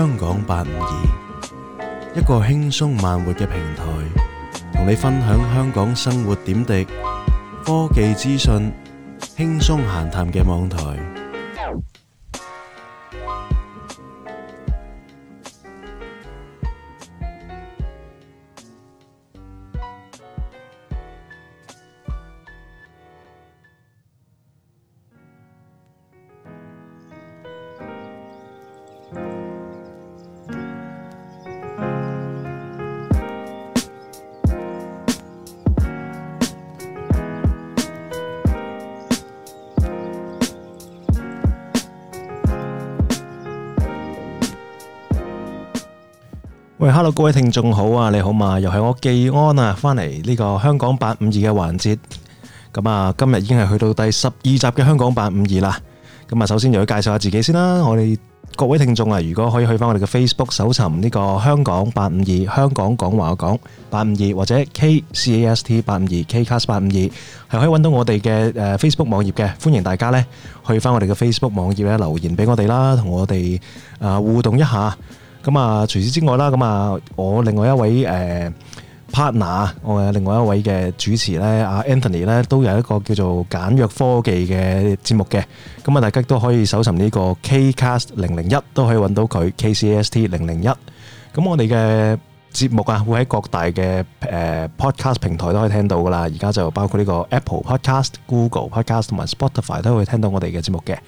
香港八五二，一個輕鬆慢活嘅平台，同你分享香港生活點滴、科技資訊、輕鬆閒談嘅網台。各位聽眾好啊，你好嘛？又係我技安啊，翻嚟呢個香港八五二嘅環節。咁啊，今日已經係去到第十二集嘅香港八五二啦。咁啊，首先又要介紹下自己先啦，我哋各位聽眾啊，如果可以去翻我哋嘅 Facebook 搜尋呢個香港八五二，香港講話我講八五二，或者 KCAST 八五二，Kcast 八五二，係可以搵到我哋嘅誒 Facebook 網頁嘅。歡迎大家呢去翻我哋嘅 Facebook 網頁咧留言俾我哋啦，同我哋啊互動一下。咁啊，除此之外啦，咁啊，我另外一位誒 partner，我嘅另外一位嘅主持咧，阿 Anthony 咧，都有一個叫做簡約科技嘅節目嘅。咁啊，大家都可以搜尋呢個 Kcast 零零一，都可以揾到佢 Kcast 零零一。咁我哋嘅節目啊，會喺各大嘅誒 podcast 平台都可以聽到噶啦。而家就包括呢個 Apple Podcast、Google Podcast 同埋 Spotify 都會聽到我哋嘅節目嘅。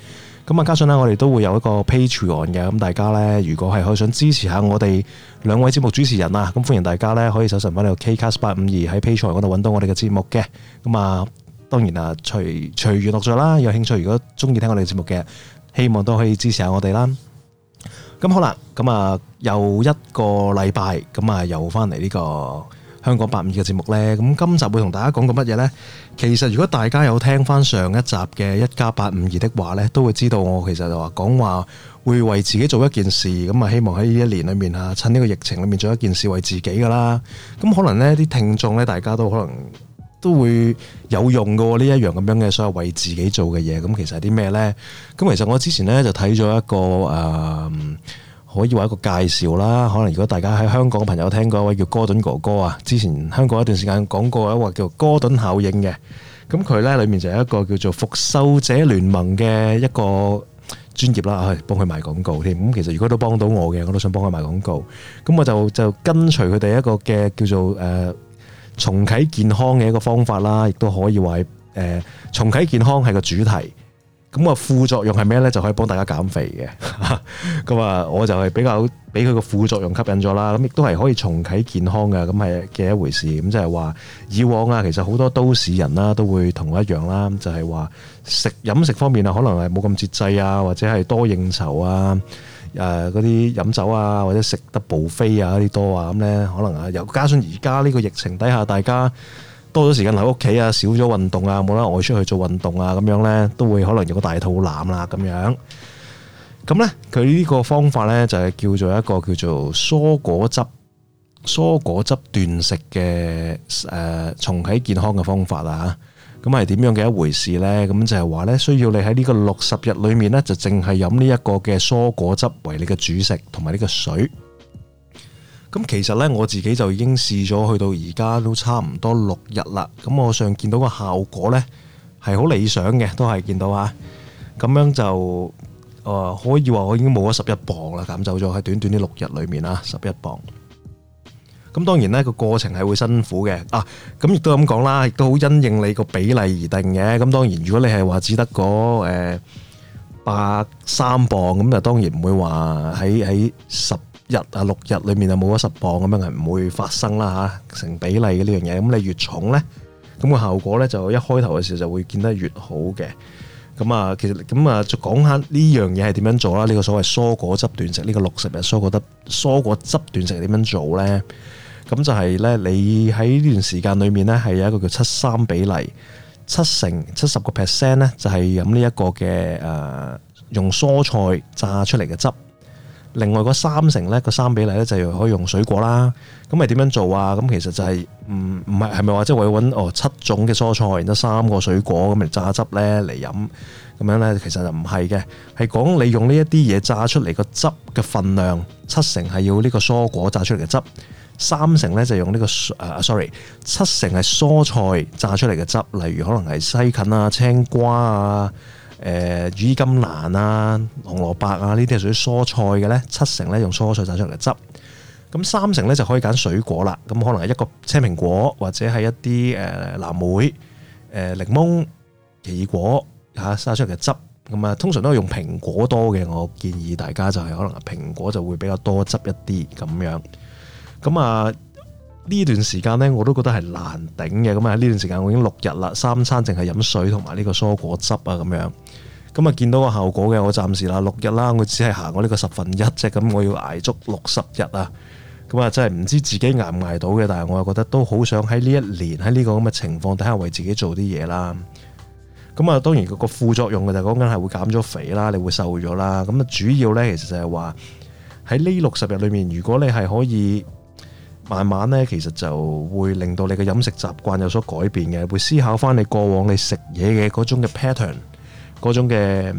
咁啊，加上咧，我哋都會有一個 Patreon 嘅，咁大家咧，如果係好想支持下我哋兩位節目主持人啊，咁歡迎大家咧，可以搜尋翻呢個 KCast 852，喺 Patreon 度揾到我哋嘅節目嘅。咁啊，當然啊，隨隨緣樂助啦，有興趣，如果中意聽我哋節目嘅，希望都可以支持下我哋啦。咁好啦，咁、嗯、啊，又一個禮拜，咁啊，又翻嚟呢個。香港八五二嘅節目咧，咁今集會同大家講個乜嘢咧？其實如果大家有聽翻上一集嘅一加八五二的話咧，都會知道我其實就話講話會為自己做一件事，咁啊，希望喺呢一年裏面啊，趁呢個疫情裏面做一件事為自己噶啦。咁可能咧，啲聽眾咧，大家都可能都會有用過呢一樣咁樣嘅，所謂為自己做嘅嘢，咁其實係啲咩咧？咁其實我之前咧就睇咗一個誒。可以話一個介紹啦，可能如果大家喺香港嘅朋友聽過一位叫哥頓哥哥啊，之前香港一段時間講過一位叫哥頓效應嘅，咁佢呢裡面就有一個叫做復修者聯盟嘅一個專業啦，係幫佢賣廣告添。咁其實如果都幫到我嘅，我都想幫佢賣廣告。咁我就就跟隨佢哋一個嘅叫做誒重啟健康嘅一個方法啦，亦都可以話係誒重啟健康係個主題。咁啊，副作用係咩呢？就可以幫大家減肥嘅。咁啊，我就係比較俾佢個副作用吸引咗啦。咁亦都係可以重啟健康嘅。咁係嘅一回事？咁就係話，以往啊，其實好多都市人啦，都會同我一樣啦。就係話食飲食方面啊，可能係冇咁節制啊，或者係多應酬啊，誒、呃，嗰啲飲酒啊，或者食得暴飛啊啲多啊。咁呢，可能啊，又加上而家呢個疫情底下，大家，多咗時間留喺屋企啊，少咗運動啊，冇得外出去做運動啊，咁樣呢，都會可能有個大肚腩啦，咁樣。咁呢，佢呢個方法呢，就係叫做一個叫做蔬果汁、蔬果汁斷食嘅誒、呃、重啟健康嘅方法啊。咁係點樣嘅一回事呢？咁就係話呢，需要你喺呢個六十日裏面呢，就淨係飲呢一個嘅蔬果汁為你嘅主食同埋呢個水。咁其實呢，我自己就已經試咗，去到而家都差唔多六日啦。咁我上見到個效果呢，係好理想嘅，都係見到啊。咁樣就，誒、呃、可以話我已經冇咗十一磅啦，減走咗喺短短啲六日裏面啊，十一磅。咁當然呢，個過程係會辛苦嘅啊。咁亦都咁講啦，亦都好因應你個比例而定嘅。咁當然，如果你係話只得嗰誒百三磅，咁就當然唔會話喺喺十日啊，六日裏面啊冇咗十磅，咁樣係唔會發生啦吓、啊、成比例嘅呢樣嘢。咁你越重呢，咁、咁個效果呢，就一開頭嘅時候就會見得越好嘅。咁啊其實咁啊就講下呢樣嘢係點樣做啦呢、呢個所謂蔬果汁斷食呢、呢個六十日蔬果汁蔬果汁斷食點樣做呢？咁就係呢，你喺呢段時間裏面呢，係有一個叫七三比例，七成七十個 percent 呢，就係飲呢一個嘅誒、啊、用蔬菜榨出嚟嘅汁。另外嗰三成咧，個三比例咧就係可以用水果啦。咁係點樣做啊？咁其實就係唔唔係係咪話即係我要揾哦七種嘅蔬菜，然之後三個水果咁嚟榨汁咧嚟飲？咁樣咧其實就唔係嘅，係講你用呢一啲嘢榨出嚟個汁嘅份量，七成係要呢個蔬果榨出嚟嘅汁，三成咧就用呢、這個誒、呃、sorry，七成係蔬菜榨出嚟嘅汁，例如可能係西芹啊、青瓜啊。誒、呃、魚甘藍啊、紅蘿蔔啊，呢啲係屬於蔬菜嘅呢，七成呢，用蔬菜榨出嚟嘅汁。咁三成呢，就可以揀水果啦。咁可能係一個青蘋果，或者係一啲誒、呃、藍莓、誒、呃、檸檬、奇異果嚇榨、啊、出嚟嘅汁。咁啊，通常都係用蘋果多嘅。我建議大家就係可能蘋果就會比較多汁一啲咁樣。咁啊呢段時間呢，我都覺得係難頂嘅。咁啊呢段時間我已經六日啦，三餐淨係飲水同埋呢個蔬果汁啊咁樣。咁啊，見到個效果嘅，我暫時啦，六日啦，我只係行過呢個十分一啫，咁我要捱足六十日啦！咁啊，真係唔知自己捱唔捱到嘅，但係我又覺得都好想喺呢一年喺呢個咁嘅情況底下為自己做啲嘢啦。咁啊，當然個個副作用嘅就講緊係會減咗肥啦，你會瘦咗啦。咁啊，主要呢，其實就係話喺呢六十日裏面，如果你係可以慢慢呢，其實就會令到你嘅飲食習慣有所改變嘅，會思考返你過往你食嘢嘅嗰種嘅 pattern。嗰種嘅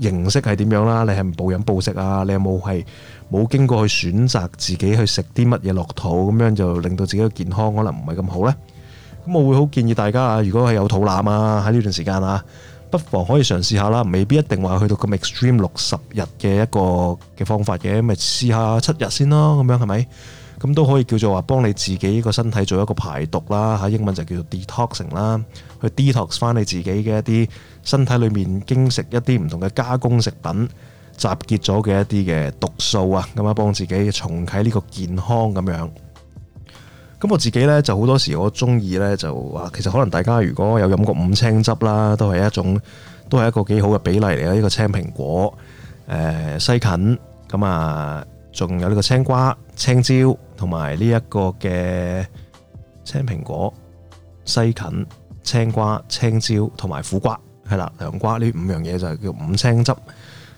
形式係點樣啦？你係唔暴飲暴食啊？你有冇係冇經過去選擇自己去食啲乜嘢落肚？咁樣就令到自己嘅健康可能唔係咁好呢？咁我會好建議大家啊，如果係有肚腩啊，喺呢段時間啊，不妨可以嘗試下啦，未必一定話去到咁 extreme 六十日嘅一個嘅方法嘅，咪試下七日先咯，咁樣係咪？咁都可以叫做話幫你自己個身體做一個排毒啦，嚇英文就叫做 detoxing 啦，去 detox 翻你自己嘅一啲身體裏面經食一啲唔同嘅加工食品集結咗嘅一啲嘅毒素啊，咁啊幫自己重啟呢個健康咁樣。咁我自己呢就好多時我中意呢，就話，其實可能大家如果有飲過五青汁啦，都係一種都係一個幾好嘅比例嚟啦，呢個青蘋果、誒西芹，咁啊仲有呢個青瓜、青椒。同埋呢一個嘅青蘋果、西芹、青瓜、青椒同埋苦瓜，係啦，涼瓜呢五樣嘢就係叫五青汁。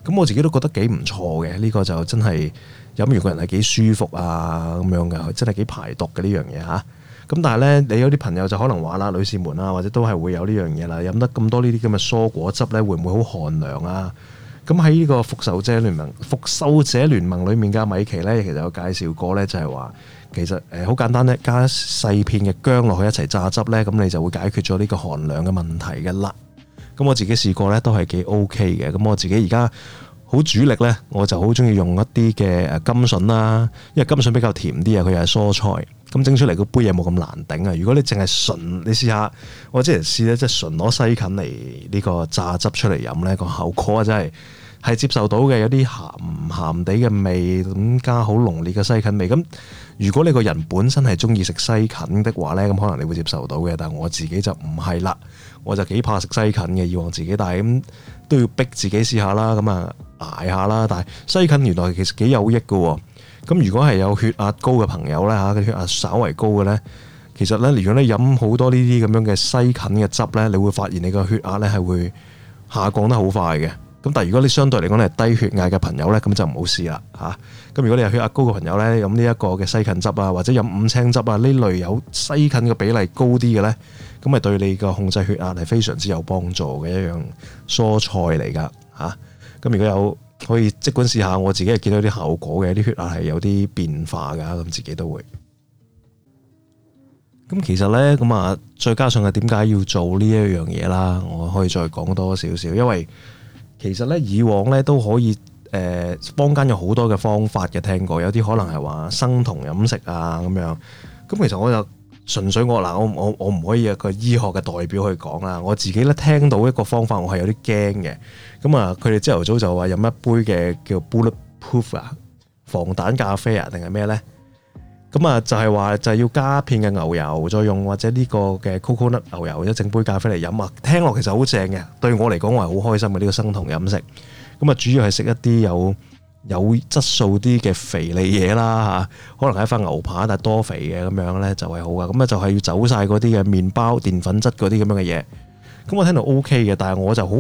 咁我自己都覺得幾唔錯嘅，呢個就真係飲完個人係幾舒服啊咁樣嘅，真係幾排毒嘅呢樣嘢吓、啊。咁但係呢，你有啲朋友就可能話啦，女士們啊，或者都係會有呢樣嘢啦，飲得咁多呢啲咁嘅蔬果汁呢，會唔會好寒涼啊？咁喺呢個復仇者聯盟復仇者聯盟裏面嘅米奇呢，其實有介紹過呢，就係話其實誒好簡單呢，加細片嘅薑落去一齊榨汁呢，咁你就會解決咗呢個寒涼嘅問題嘅啦。咁我自己試過呢，都係幾 OK 嘅。咁我自己而家好主力呢，我就好中意用一啲嘅甘筍啦，因為甘筍比較甜啲啊，佢又係蔬菜。咁整出嚟個杯嘢冇咁難頂啊！如果你淨係純，你試下我之前試咧，即係純攞西芹嚟呢個榨汁出嚟飲呢個效果啊，真係係接受到嘅，有啲鹹鹹地嘅味，咁加好濃烈嘅西芹味。咁如果你個人本身係中意食西芹的話呢，咁可能你會接受到嘅，但係我自己就唔係啦，我就幾怕食西芹嘅，以往自己，但係咁、嗯、都要逼自己試下啦，咁啊挨下啦。但係西芹原來其實幾有益噶。咁如果係有血壓高嘅朋友咧，吓，血壓稍為高嘅咧，其實咧，如果你飲好多呢啲咁樣嘅西芹嘅汁咧，你會發現你個血壓咧係會下降得好快嘅。咁但係如果你相對嚟講咧係低血壓嘅朋友咧，咁就唔好試啦吓。咁如果你係血壓高嘅朋友咧，飲呢一個嘅西芹汁啊，或者飲五青汁啊，呢類有西芹嘅比例高啲嘅咧，咁係對你個控制血壓係非常之有幫助嘅一樣蔬菜嚟噶吓。咁如果有。可以即管試下，我自己係見到啲效果嘅，啲血壓係有啲變化㗎，咁自己都會。咁其實呢，咁啊，再加上係點解要做呢一樣嘢啦，我可以再講多少少，因為其實呢，以往呢都可以誒、呃，坊間有好多嘅方法嘅，聽過有啲可能係話生酮飲食啊咁樣。咁其實我就……純粹我嗱，我我我唔可以一個醫學嘅代表去講啦，我自己咧聽到一個方法，我係有啲驚嘅。咁啊，佢哋朝頭早就話飲一杯嘅叫 bulletproof 啊，防彈咖啡啊，定係咩呢？咁啊，就係話就係要加片嘅牛油再用，或者呢個嘅 coconut 牛油或者整杯咖啡嚟飲啊。聽落其實好正嘅，對我嚟講我係好開心嘅呢個生酮飲食。咁啊，主要係食一啲有，有質素啲嘅肥膩嘢啦嚇，可能係一塊牛扒，但係多肥嘅咁樣咧就係好㗎，咁、嗯、咧就係、是、要走晒嗰啲嘅麪包、澱粉質嗰啲咁樣嘅嘢。咁、嗯、我聽到 O K 嘅，但係我就好，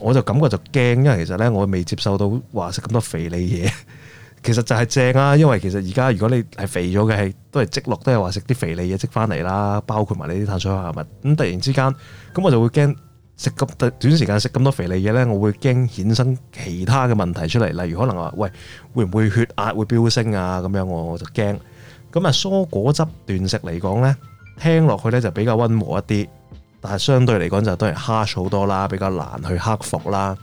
我就感覺就驚，因為其實咧我未接受到話食咁多肥膩嘢。其實就係正啊，因為其實而家如果你係肥咗嘅，係都係積落，都係話食啲肥膩嘢積翻嚟啦，包括埋你啲碳水化合物。咁、嗯、突然之間，咁、嗯、我就會驚。食咁短時間食咁多肥膩嘢呢，我會驚衍生其他嘅問題出嚟，例如可能話喂，會唔會血壓會飆升啊？咁樣我就驚。咁啊，蔬果汁斷食嚟講呢，聽落去呢就比較溫和一啲，但係相對嚟講就當然 hard 好多啦，比較難去克服啦。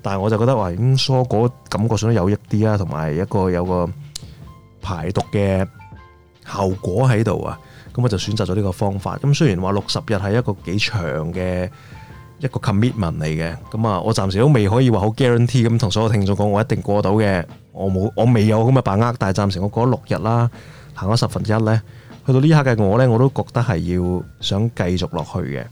但係我就覺得話，咁、哎、蔬果感覺上有益啲啊，同埋一個有一個排毒嘅效果喺度啊。咁我就選擇咗呢個方法。咁雖然話六十日係一個幾長嘅。一個 commitment 嚟嘅，咁、嗯、啊，我暫時都未可以話好 guarantee 咁同所有聽眾講，我一定過到嘅。我冇，我未有咁嘅把握，但係暫時我過咗六日啦，行咗十分之一咧，去到呢刻嘅我咧，我都覺得係要想繼續落去嘅。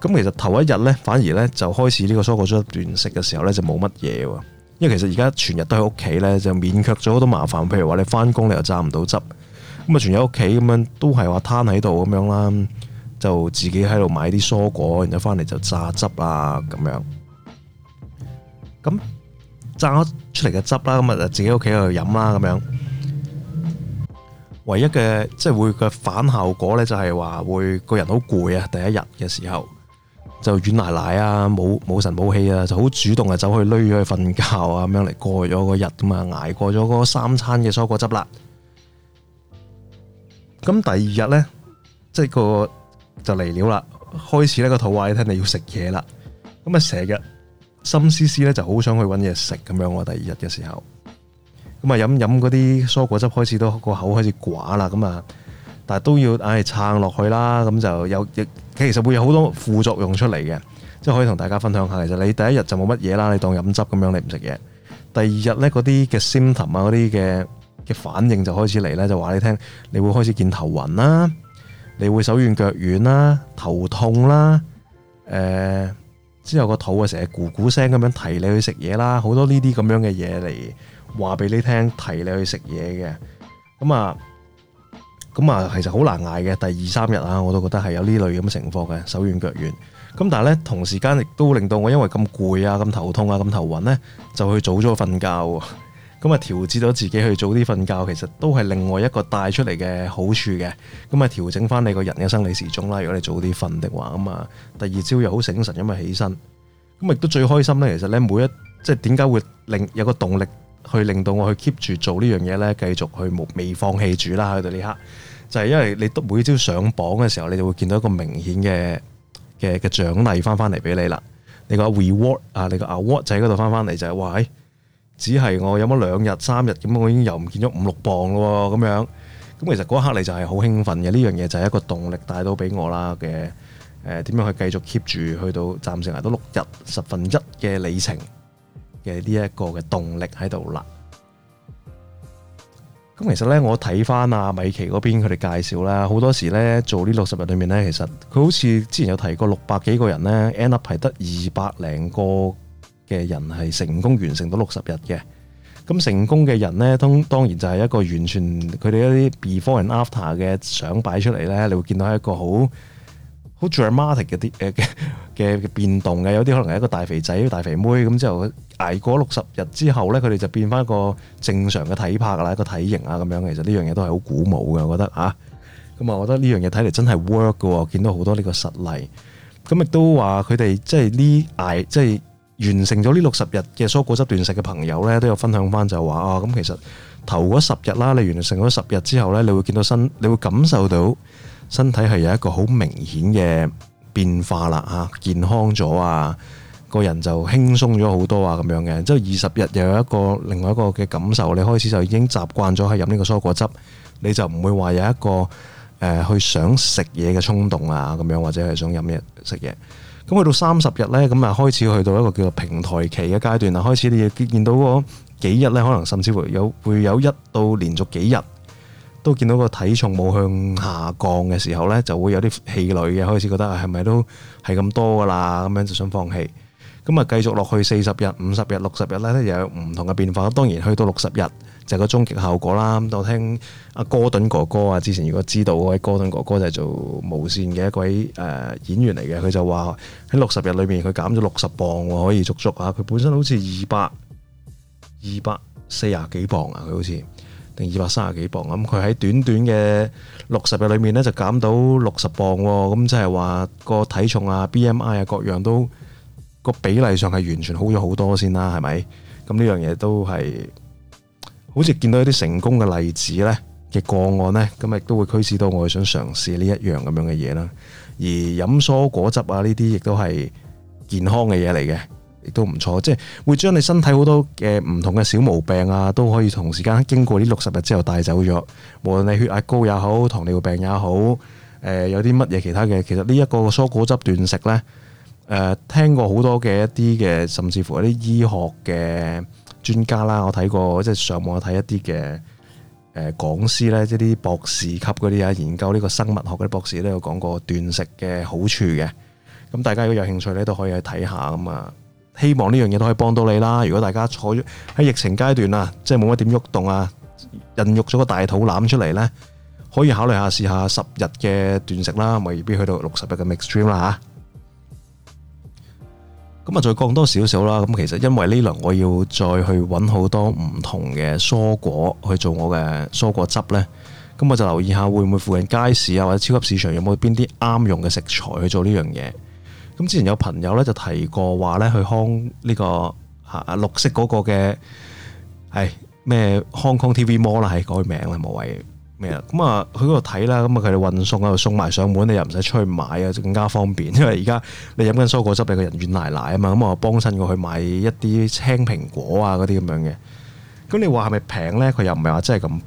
咁、嗯、其實頭一日咧，反而咧就開始呢個蔬果汁斷食嘅時候咧，就冇乜嘢喎。因為其實而家全日都喺屋企咧，就免卻咗好多麻煩，譬如話你翻工，你又揸唔到汁，咁啊全日屋企咁樣都係話攤喺度咁樣啦。就自己喺度買啲蔬果，然之後翻嚟就榨汁啦，咁樣咁榨出嚟嘅汁啦，咁啊就自己屋企喺度飲啦，咁樣，唯一嘅即係會嘅反效果咧，就係話會個人好攰啊，第一日嘅時候就軟奶奶啊，冇冇神冇氣啊，就好主動啊走去匿咗去瞓覺啊，咁樣嚟過咗個日咁啊，挨過咗嗰三餐嘅蔬果汁啦。咁第二日咧，即係個。就嚟了啦，開始呢個肚話你聽你要食嘢啦，咁啊成日心思思咧，就好想去揾嘢食咁樣喎。第二日嘅時候，咁啊飲飲嗰啲蔬果汁開始都個口開始寡啦，咁啊，但係都要唉撐落去啦，咁就有其實會有好多副作用出嚟嘅，即係可以同大家分享下。其實你第一日就冇乜嘢啦，你當飲汁咁樣，你唔食嘢。第二日呢，嗰啲嘅 symptom 啊嗰啲嘅嘅反應就開始嚟呢，就話你聽你會開始見頭暈啦。你會手軟腳軟啦，頭痛啦，誒、呃、之後個肚啊成日咕咕聲咁樣提你去食嘢啦，好多呢啲咁樣嘅嘢嚟，話俾你聽，提你去食嘢嘅。咁啊咁啊其實好難挨嘅，第二三日啊，我都覺得係有呢類咁嘅情況嘅，手軟腳軟，咁但係咧同時間亦都令到我因為咁攰啊，咁頭痛啊，咁頭暈咧，就去早咗瞓覺喎。咁啊，調節咗自己去早啲瞓覺，其實都係另外一個帶出嚟嘅好處嘅。咁啊，調整翻你個人嘅生理時鐘啦。如果你早啲瞓的話，咁啊，第二朝又好醒神咁啊，起身。咁亦都最開心咧，其實咧，每一即係點解會令有個動力去令到我去 keep 住做呢樣嘢咧，繼續去冇未放棄住啦。喺度呢刻就係因為你每朝上榜嘅時候，你就會見到一個明顯嘅嘅嘅獎勵翻翻嚟俾你啦。你個 reward 啊，你個 award 就喺嗰度翻翻嚟就係哇！只係我飲咗兩日三日咁，我已經又唔見咗五六磅咯喎，咁樣咁其實嗰一刻你就係好興奮嘅，呢樣嘢就係一個動力帶到俾我啦嘅，誒、呃、點樣去繼續 keep 住去到暫時捱到六日十分一嘅里程嘅呢一個嘅動力喺度啦。咁其實呢，我睇翻阿米奇嗰邊佢哋介紹啦，好多時呢，做呢六十日裏面呢，其實佢好似之前有提過六百幾個人呢 end up 係得二百零個。嘅人係成功完成到六十日嘅，咁成功嘅人咧，當當然就係一個完全佢哋一啲 before and after 嘅相擺出嚟咧，你會見到係一個好好 dramatic 嘅啲誒嘅嘅變動嘅，有啲可能係一個大肥仔、大肥妹咁之後挨過六十日之後咧，佢哋就變翻一個正常嘅體魄啦，一個體型啊咁樣，其實呢樣嘢都係好鼓舞嘅，我覺得吓，咁啊，我覺得呢樣嘢睇嚟真係 work 嘅，見到好多呢個實例，咁亦都話佢哋即係呢挨即係。完成咗呢六十日嘅蔬果汁斷食嘅朋友呢，都有分享返就話啊，咁其實頭嗰十日啦，你完成咗十日之後呢，你會見到身，你會感受到身體係有一個好明顯嘅變化啦，啊，健康咗啊，個人就輕鬆咗好多啊，咁樣嘅。之後二十日又有一個另外一個嘅感受，你開始就已經習慣咗係飲呢個蔬果汁，你就唔會話有一個誒，去想食嘢嘅衝動啊，咁樣或者係想飲嘢食嘢。咁去到三十日呢，咁啊開始去到一個叫做平台期嘅階段啊，開始你見到嗰幾日呢，可能甚至乎有會有一到連續幾日都見到個體重冇向下降嘅時候呢，就會有啲氣餒嘅，開始覺得係咪都係咁多噶啦？咁樣就想放棄，咁啊繼續落去四十日、五十日、六十日呢，又有唔同嘅變化。當然去到六十日。就係個終極效果啦！咁我聽阿哥頓哥哥啊，之前如果知道嗰位哥頓哥哥就係做無線嘅一位誒演員嚟嘅，佢就話喺六十日裏面佢減咗六十磅可以足足啊！佢本身好似二百二百四廿幾磅啊，佢好似定二百三十幾磅咁，佢喺短短嘅六十日裏面呢，就減到六十磅喎，咁即係話個體重啊、BMI 啊各樣都個比例上係完全好咗好多先啦，係咪？咁呢樣嘢都係。好似見到一啲成功嘅例子呢，嘅個案呢，咁亦都會驅使到我哋想嘗試呢一樣咁樣嘅嘢啦。而飲蔬果汁啊，呢啲亦都係健康嘅嘢嚟嘅，亦都唔錯。即係會將你身體好多嘅唔同嘅小毛病啊，都可以同時間經過呢六十日之後帶走咗。無論你血壓高也好，糖尿病也好，誒、呃、有啲乜嘢其他嘅，其實呢一個蔬果汁斷食呢，誒、呃、聽過好多嘅一啲嘅，甚至乎一啲醫學嘅專家啦，我睇過即係上網睇一啲嘅誒講師咧，即係啲博士級嗰啲啊，研究呢個生物學嗰啲博士咧，都有講過斷食嘅好處嘅。咁大家如果有興趣咧，都可以去睇下咁啊。希望呢樣嘢都可以幫到你啦。如果大家坐喺疫情階段啊，即係冇乜點喐動啊，人喐咗個大肚腩出嚟咧，可以考慮下試下十日嘅斷食啦，未必去到六十日嘅 extreme 啊。咁啊，再降多少少啦！咁其實因為呢輪我要再去揾好多唔同嘅蔬果去做我嘅蔬果汁呢，咁我就留意下會唔會附近街市啊或者超級市場有冇邊啲啱用嘅食材去做呢樣嘢。咁之前有朋友呢就提過話呢、這個，去康呢個吓綠色嗰個嘅係咩、哎、？Hong Kong TV Mall 啦，係改名啦，冇謂。咁啊，去嗰度睇啦，咁啊佢哋運送啊，喺度送埋上門，你又唔使出去買啊，更加方便。因為而家你飲緊蔬果汁，你個人軟奶奶啊嘛，咁啊幫襯我去買一啲青蘋果啊嗰啲咁樣嘅。咁你話係咪平呢？佢又唔係話真係咁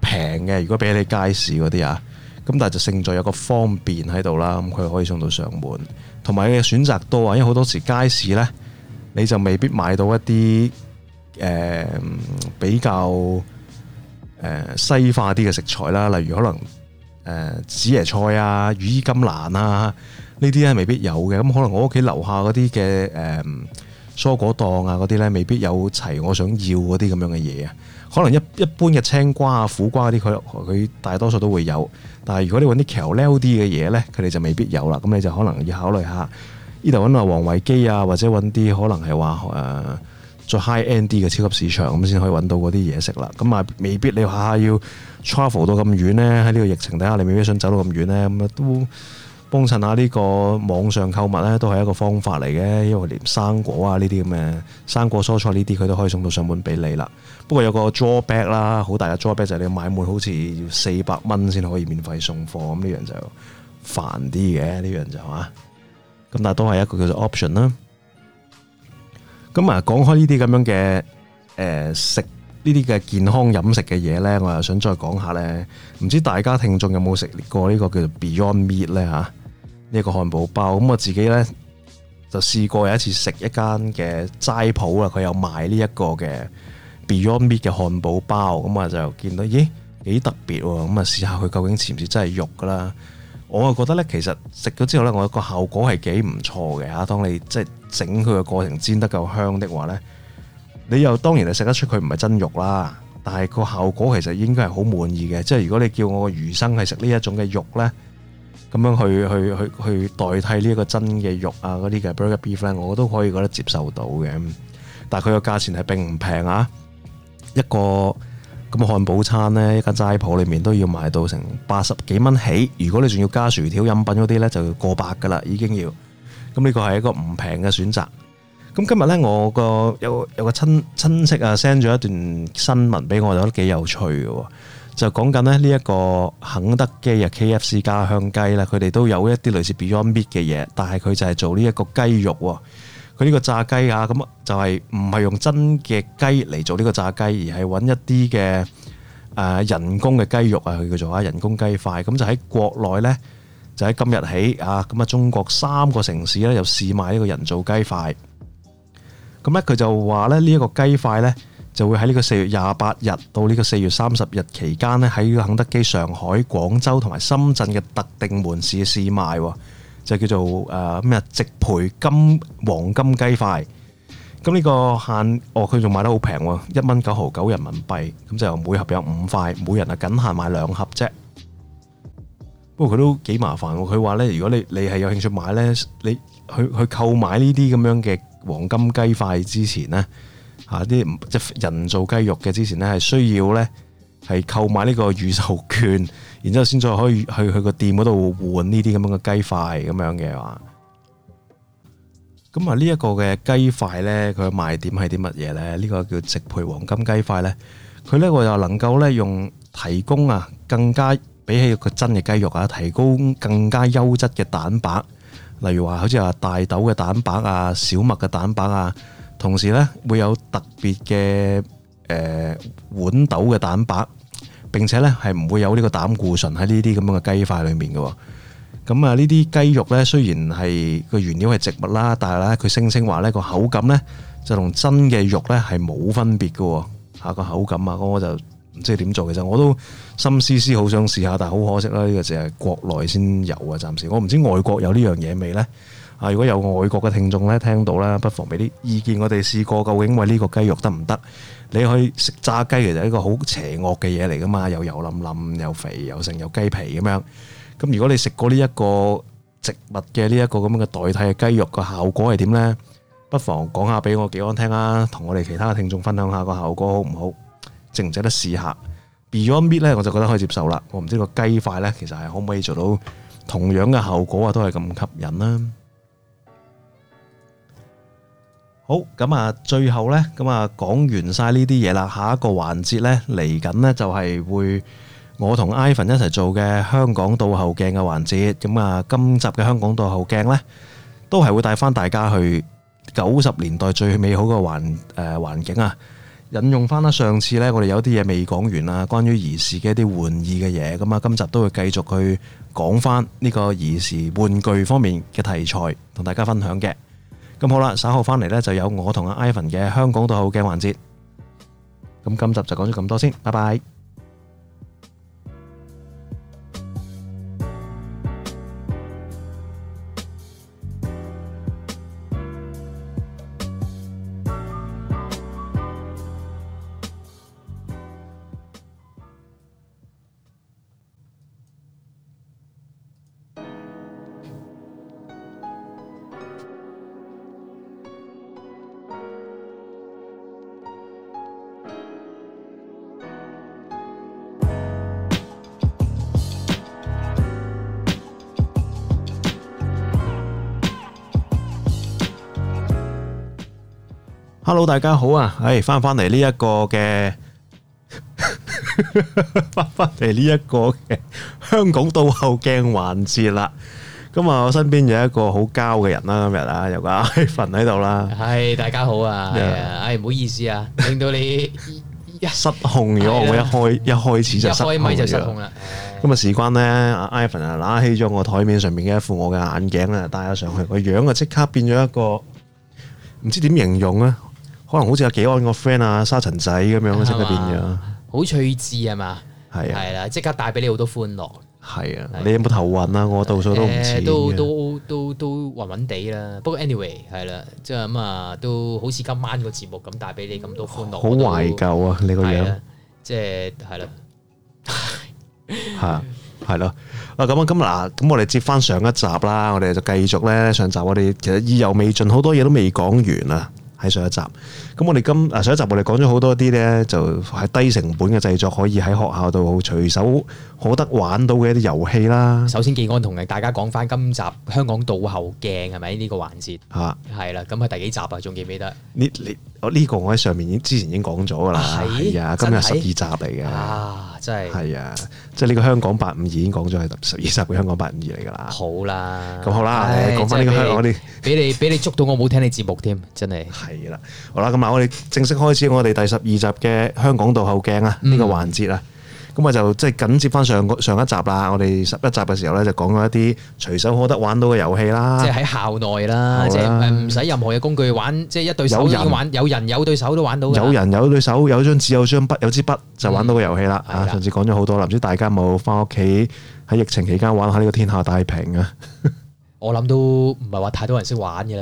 平嘅。如果俾你街市嗰啲啊，咁但係就勝在有個方便喺度啦。咁佢可以送到上門，同埋你嘅選擇多啊。因為好多時街市呢，你就未必買到一啲誒、嗯、比較。誒、呃、西化啲嘅食材啦，例如可能誒、呃、紫椰菜啊、羽衣甘藍啊呢啲咧，未必有嘅，咁、嗯、可能我屋企樓下嗰啲嘅誒蔬果檔啊嗰啲咧，未必有齊我想要嗰啲咁樣嘅嘢啊。可能一一般嘅青瓜啊、苦瓜嗰啲，佢佢大多數都會有，但係如果你揾啲奇巧撚啲嘅嘢咧，佢哋就未必有啦。咁你就可能要考慮下呢度揾下黃維基啊，或者揾啲可能係話誒。呃再 high end 嘅超級市場咁先可以揾到嗰啲嘢食啦。咁啊，未必你下下要 travel、啊、到咁遠呢？喺呢個疫情底下，你未必想走到咁遠咧。咁都幫襯下呢個網上購物呢，都係一個方法嚟嘅。因為連生果啊呢啲咁嘅生果蔬菜呢啲，佢都可以送到上門俾你啦。不過有個 drawback 啦，好大嘅 drawback 就係你要買滿好似要四百蚊先可以免費送貨。咁呢樣就煩啲嘅，呢樣就啊。咁但係都係一個叫做 option 啦。咁啊，講開呢啲咁樣嘅誒、呃、食呢啲嘅健康飲食嘅嘢呢，我又想再講下呢。唔知大家聽眾有冇食過呢個叫做 Beyond Meat 呢？吓，呢個漢堡包。咁、嗯、我自己呢，就試過有一次食一間嘅齋鋪啊，佢有賣呢一個嘅 Beyond Meat 嘅漢堡包。咁、嗯、啊就見到咦幾特別喎，咁、嗯、啊試下佢究竟似唔似真係肉噶啦？我就覺得呢，其實食咗之後呢，我個效果係幾唔錯嘅吓。當你即係。整佢嘅過程煎得夠香的話呢，你又當然係食得出佢唔係真肉啦。但係個效果其實應該係好滿意嘅。即係如果你叫我餘生係食呢一種嘅肉呢，咁樣去去去去代替呢一個真嘅肉啊，嗰啲嘅 burger beef 呢，我都可以覺得接受到嘅。但係佢個價錢係並唔平啊！一個咁嘅漢堡餐呢，一家齋鋪裏面都要賣到成八十幾蚊起。如果你仲要加薯條、飲品嗰啲呢，就要過百噶啦，已經要。咁呢個係一個唔平嘅選擇。咁今日咧，我個有有個親親戚啊 send 咗一段新聞俾我，我覺得幾有趣嘅。就講緊咧呢一個肯德基啊、KFC 家鄉雞啦，佢哋都有一啲類似 Beyond Meat 嘅嘢，但係佢就係做呢一個雞肉。佢呢個炸雞啊，咁就係唔係用真嘅雞嚟做呢個炸雞，而係揾一啲嘅誒人工嘅雞肉啊去叫做啊人工雞塊。咁就喺國內咧。就喺今日起啊，咁啊，中國三個城市咧又試賣呢一個人造雞塊。咁、嗯、咧，佢就話咧呢一，這個雞塊咧就會喺呢個四月廿八日到呢個四月三十日期間咧喺肯德基上海、廣州同埋深圳嘅特定門市嘅試賣，啊，就叫做誒咩啊，植培金黃金雞塊。咁、嗯、呢、這個限哦，佢仲賣得好平喎，一蚊九毫九人民幣。咁就每盒有五塊，每人啊僅限買兩盒啫。不過佢都幾麻煩，佢話咧，如果你你係有興趣買咧，你去去購買呢啲咁樣嘅黃金雞塊之前咧，啊啲即係人造雞肉嘅之前咧，係需要咧係購買呢個預售券，然之後先再可以去去，去店這這、啊這個店嗰度換呢啲咁樣嘅雞塊咁樣嘅話，咁啊呢一個嘅雞塊咧，佢嘅賣點係啲乜嘢咧？呢、這個叫植培黃金雞塊咧，佢呢我又能夠咧用提供啊更加。比起個真嘅雞肉啊，提供更加優質嘅蛋白，例如話好似話大豆嘅蛋白啊、小麥嘅蛋白啊，同時呢，會有特別嘅誒豌豆嘅蛋白，並且呢係唔會有呢個膽固醇喺呢啲咁樣嘅雞塊裏面嘅。咁啊呢啲雞肉呢，雖然係個原料係植物啦，但係呢，佢聲稱話呢個口感呢，就同真嘅肉呢係冇分別嘅。下個口感啊，咁我就。即係點做？其實我都心思思好想試下，但係好可惜啦！呢個只係國內先有啊，暫時我唔知外國有呢樣嘢未咧。啊，如果有外國嘅聽眾咧，聽到咧，不妨俾啲意見。我哋試過究竟喂呢個雞肉得唔得？你去食炸雞其實係一個好邪惡嘅嘢嚟噶嘛，又油腍腍，又肥又剩又雞皮咁樣。咁如果你食過呢一個植物嘅呢一個咁樣嘅代替嘅雞肉，個效果係點咧？不妨講下俾我技安聽啦，同我哋其他嘅聽眾分享下個效果好唔好？值唔值得試下，Beyond Meat 呢，我就覺得可以接受啦。我唔知個雞塊呢，其實係可唔可以做到同樣嘅效果啊？都係咁吸引啦。 好，咁啊，最後呢，咁啊，講完晒呢啲嘢啦，下一個環節呢，嚟緊呢，就係會我同 Ivan 一齊做嘅香港倒後鏡嘅環節。咁啊，今集嘅香港倒後鏡呢，都係會帶翻大家去九十年代最美好嘅環誒環境啊！引用翻啦，上次呢，我哋有啲嘢未講完啦，關於兒時嘅一啲玩意嘅嘢，咁啊，今集都會繼續去講翻呢個兒時玩具方面嘅題材，同大家分享嘅。咁好啦，稍後翻嚟呢就有我同阿 Ivan 嘅香港倒後鏡嘅環節。咁今集就講咗咁多先，拜拜。大家好啊！哎，翻翻嚟呢一個嘅，翻翻嚟呢一個嘅香港倒後鏡環節啦。咁啊，我身邊有一個好膠嘅人啦，今日啊，有阿 Ivan 喺度啦。係大家好啊！哎，唔好意思啊，令到你一失控咗。我一開一開始就一開咪就失控啦。咁啊，事關呢，阿 Ivan 啊，拿起咗我台面上面嘅一副我嘅眼鏡啊，戴咗上去，個樣啊，即刻變咗一個唔知點形容啊！可能好似有技安個 friend 啊，沙塵仔咁樣，識得吧變樣了，好趣致啊嘛，係啊，係啦，即刻帶俾你好多歡樂。係啊，啊你有冇頭暈啊？我度數都唔似、啊欸，都都都都暈暈地啦。不過 anyway 係啦，即係咁啊，都好似今晚個節目咁帶俾你咁多歡樂。好懷舊啊，你個樣，即係係啦，係啊，係、就、咯、是。啊咁 啊咁嗱，咁、啊嗯、我哋接翻上一集啦，我哋就繼續咧上集。我哋其實意猶未盡，好多嘢都未講完啊。睇上一集。咁我哋今啊上一集我哋講咗好多啲咧，就係低成本嘅製作可以喺學校度隨手可得玩到嘅一啲遊戲啦。首先，技安同嘅大家講翻今集香港倒後鏡係咪呢個環節？嚇，係啦。咁係第幾集啊？仲記唔記得？呢呢哦呢個我喺上面已之前已經講咗㗎啦。係啊，今日十二集嚟㗎啊，真係係啊，即係呢個香港八五二已經講咗係第十二集嘅香港八五二嚟㗎啦。好啦，咁好啦，講翻呢個香港嗰啲，俾你俾你捉到我冇聽你節目添，真係。係啦，好啦，咁。我哋正式開始我哋第十二集嘅香港倒後鏡啊，呢個環節啊，咁啊就即係緊接翻上上一集啦。我哋十一集嘅時候咧，就講咗一啲隨手可得玩到嘅遊戲啦，即係喺校內啦，即係唔使任何嘅工具玩，即係一對手已經玩，有人有對手都玩到，有人有對手有張紙有張筆有支筆就玩到個遊戲啦。啊，上次講咗好多啦，唔知大家冇翻屋企喺疫情期間玩下呢個天下大平啊？我諗都唔係話太多人識玩嘅。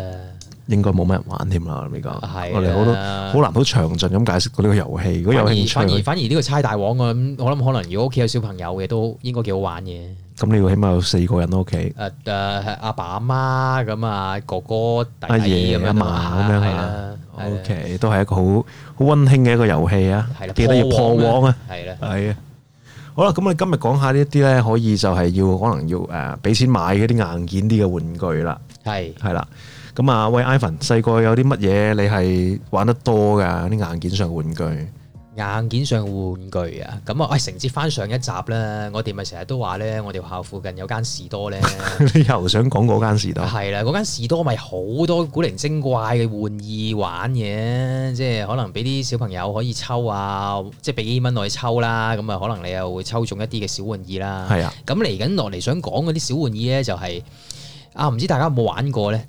應該冇乜人玩添啦，而家我哋好多好難好詳盡咁解釋過呢個遊戲。如果有興趣，反而反而呢個猜大王啊，咁我諗可能如果屋企有小朋友嘅都應該幾好玩嘅。咁你要起碼有四個人咯，屋企誒誒阿爸阿媽咁啊哥哥阿爺阿嫲咁樣吓。O K 都係一個好好溫馨嘅一個遊戲啊。係啦，記得要破網啊。係啦，係啊。好啦，咁啊，今日講下呢一啲咧，可以就係要可能要誒俾錢買嗰啲硬件啲嘅玩具啦。係係啦。咁啊、嗯，喂，Ivan，細個有啲乜嘢你係玩得多噶？啲硬件上玩具，硬件上玩具啊！咁啊，喂、哎，承接翻上，上一集啦，我哋咪成日都話咧，我哋學校附近有間士多咧， 你又想講嗰間士多？係啦、啊，嗰間士多咪好多古靈精怪嘅玩意玩嘅，即係可能俾啲小朋友可以抽啊，即係俾幾蚊落去抽啦，咁啊，可能你又會抽中一啲嘅小玩意啦。係啊，咁嚟緊落嚟想講嗰啲小玩意咧，就係、是、啊，唔知大家有冇玩過咧？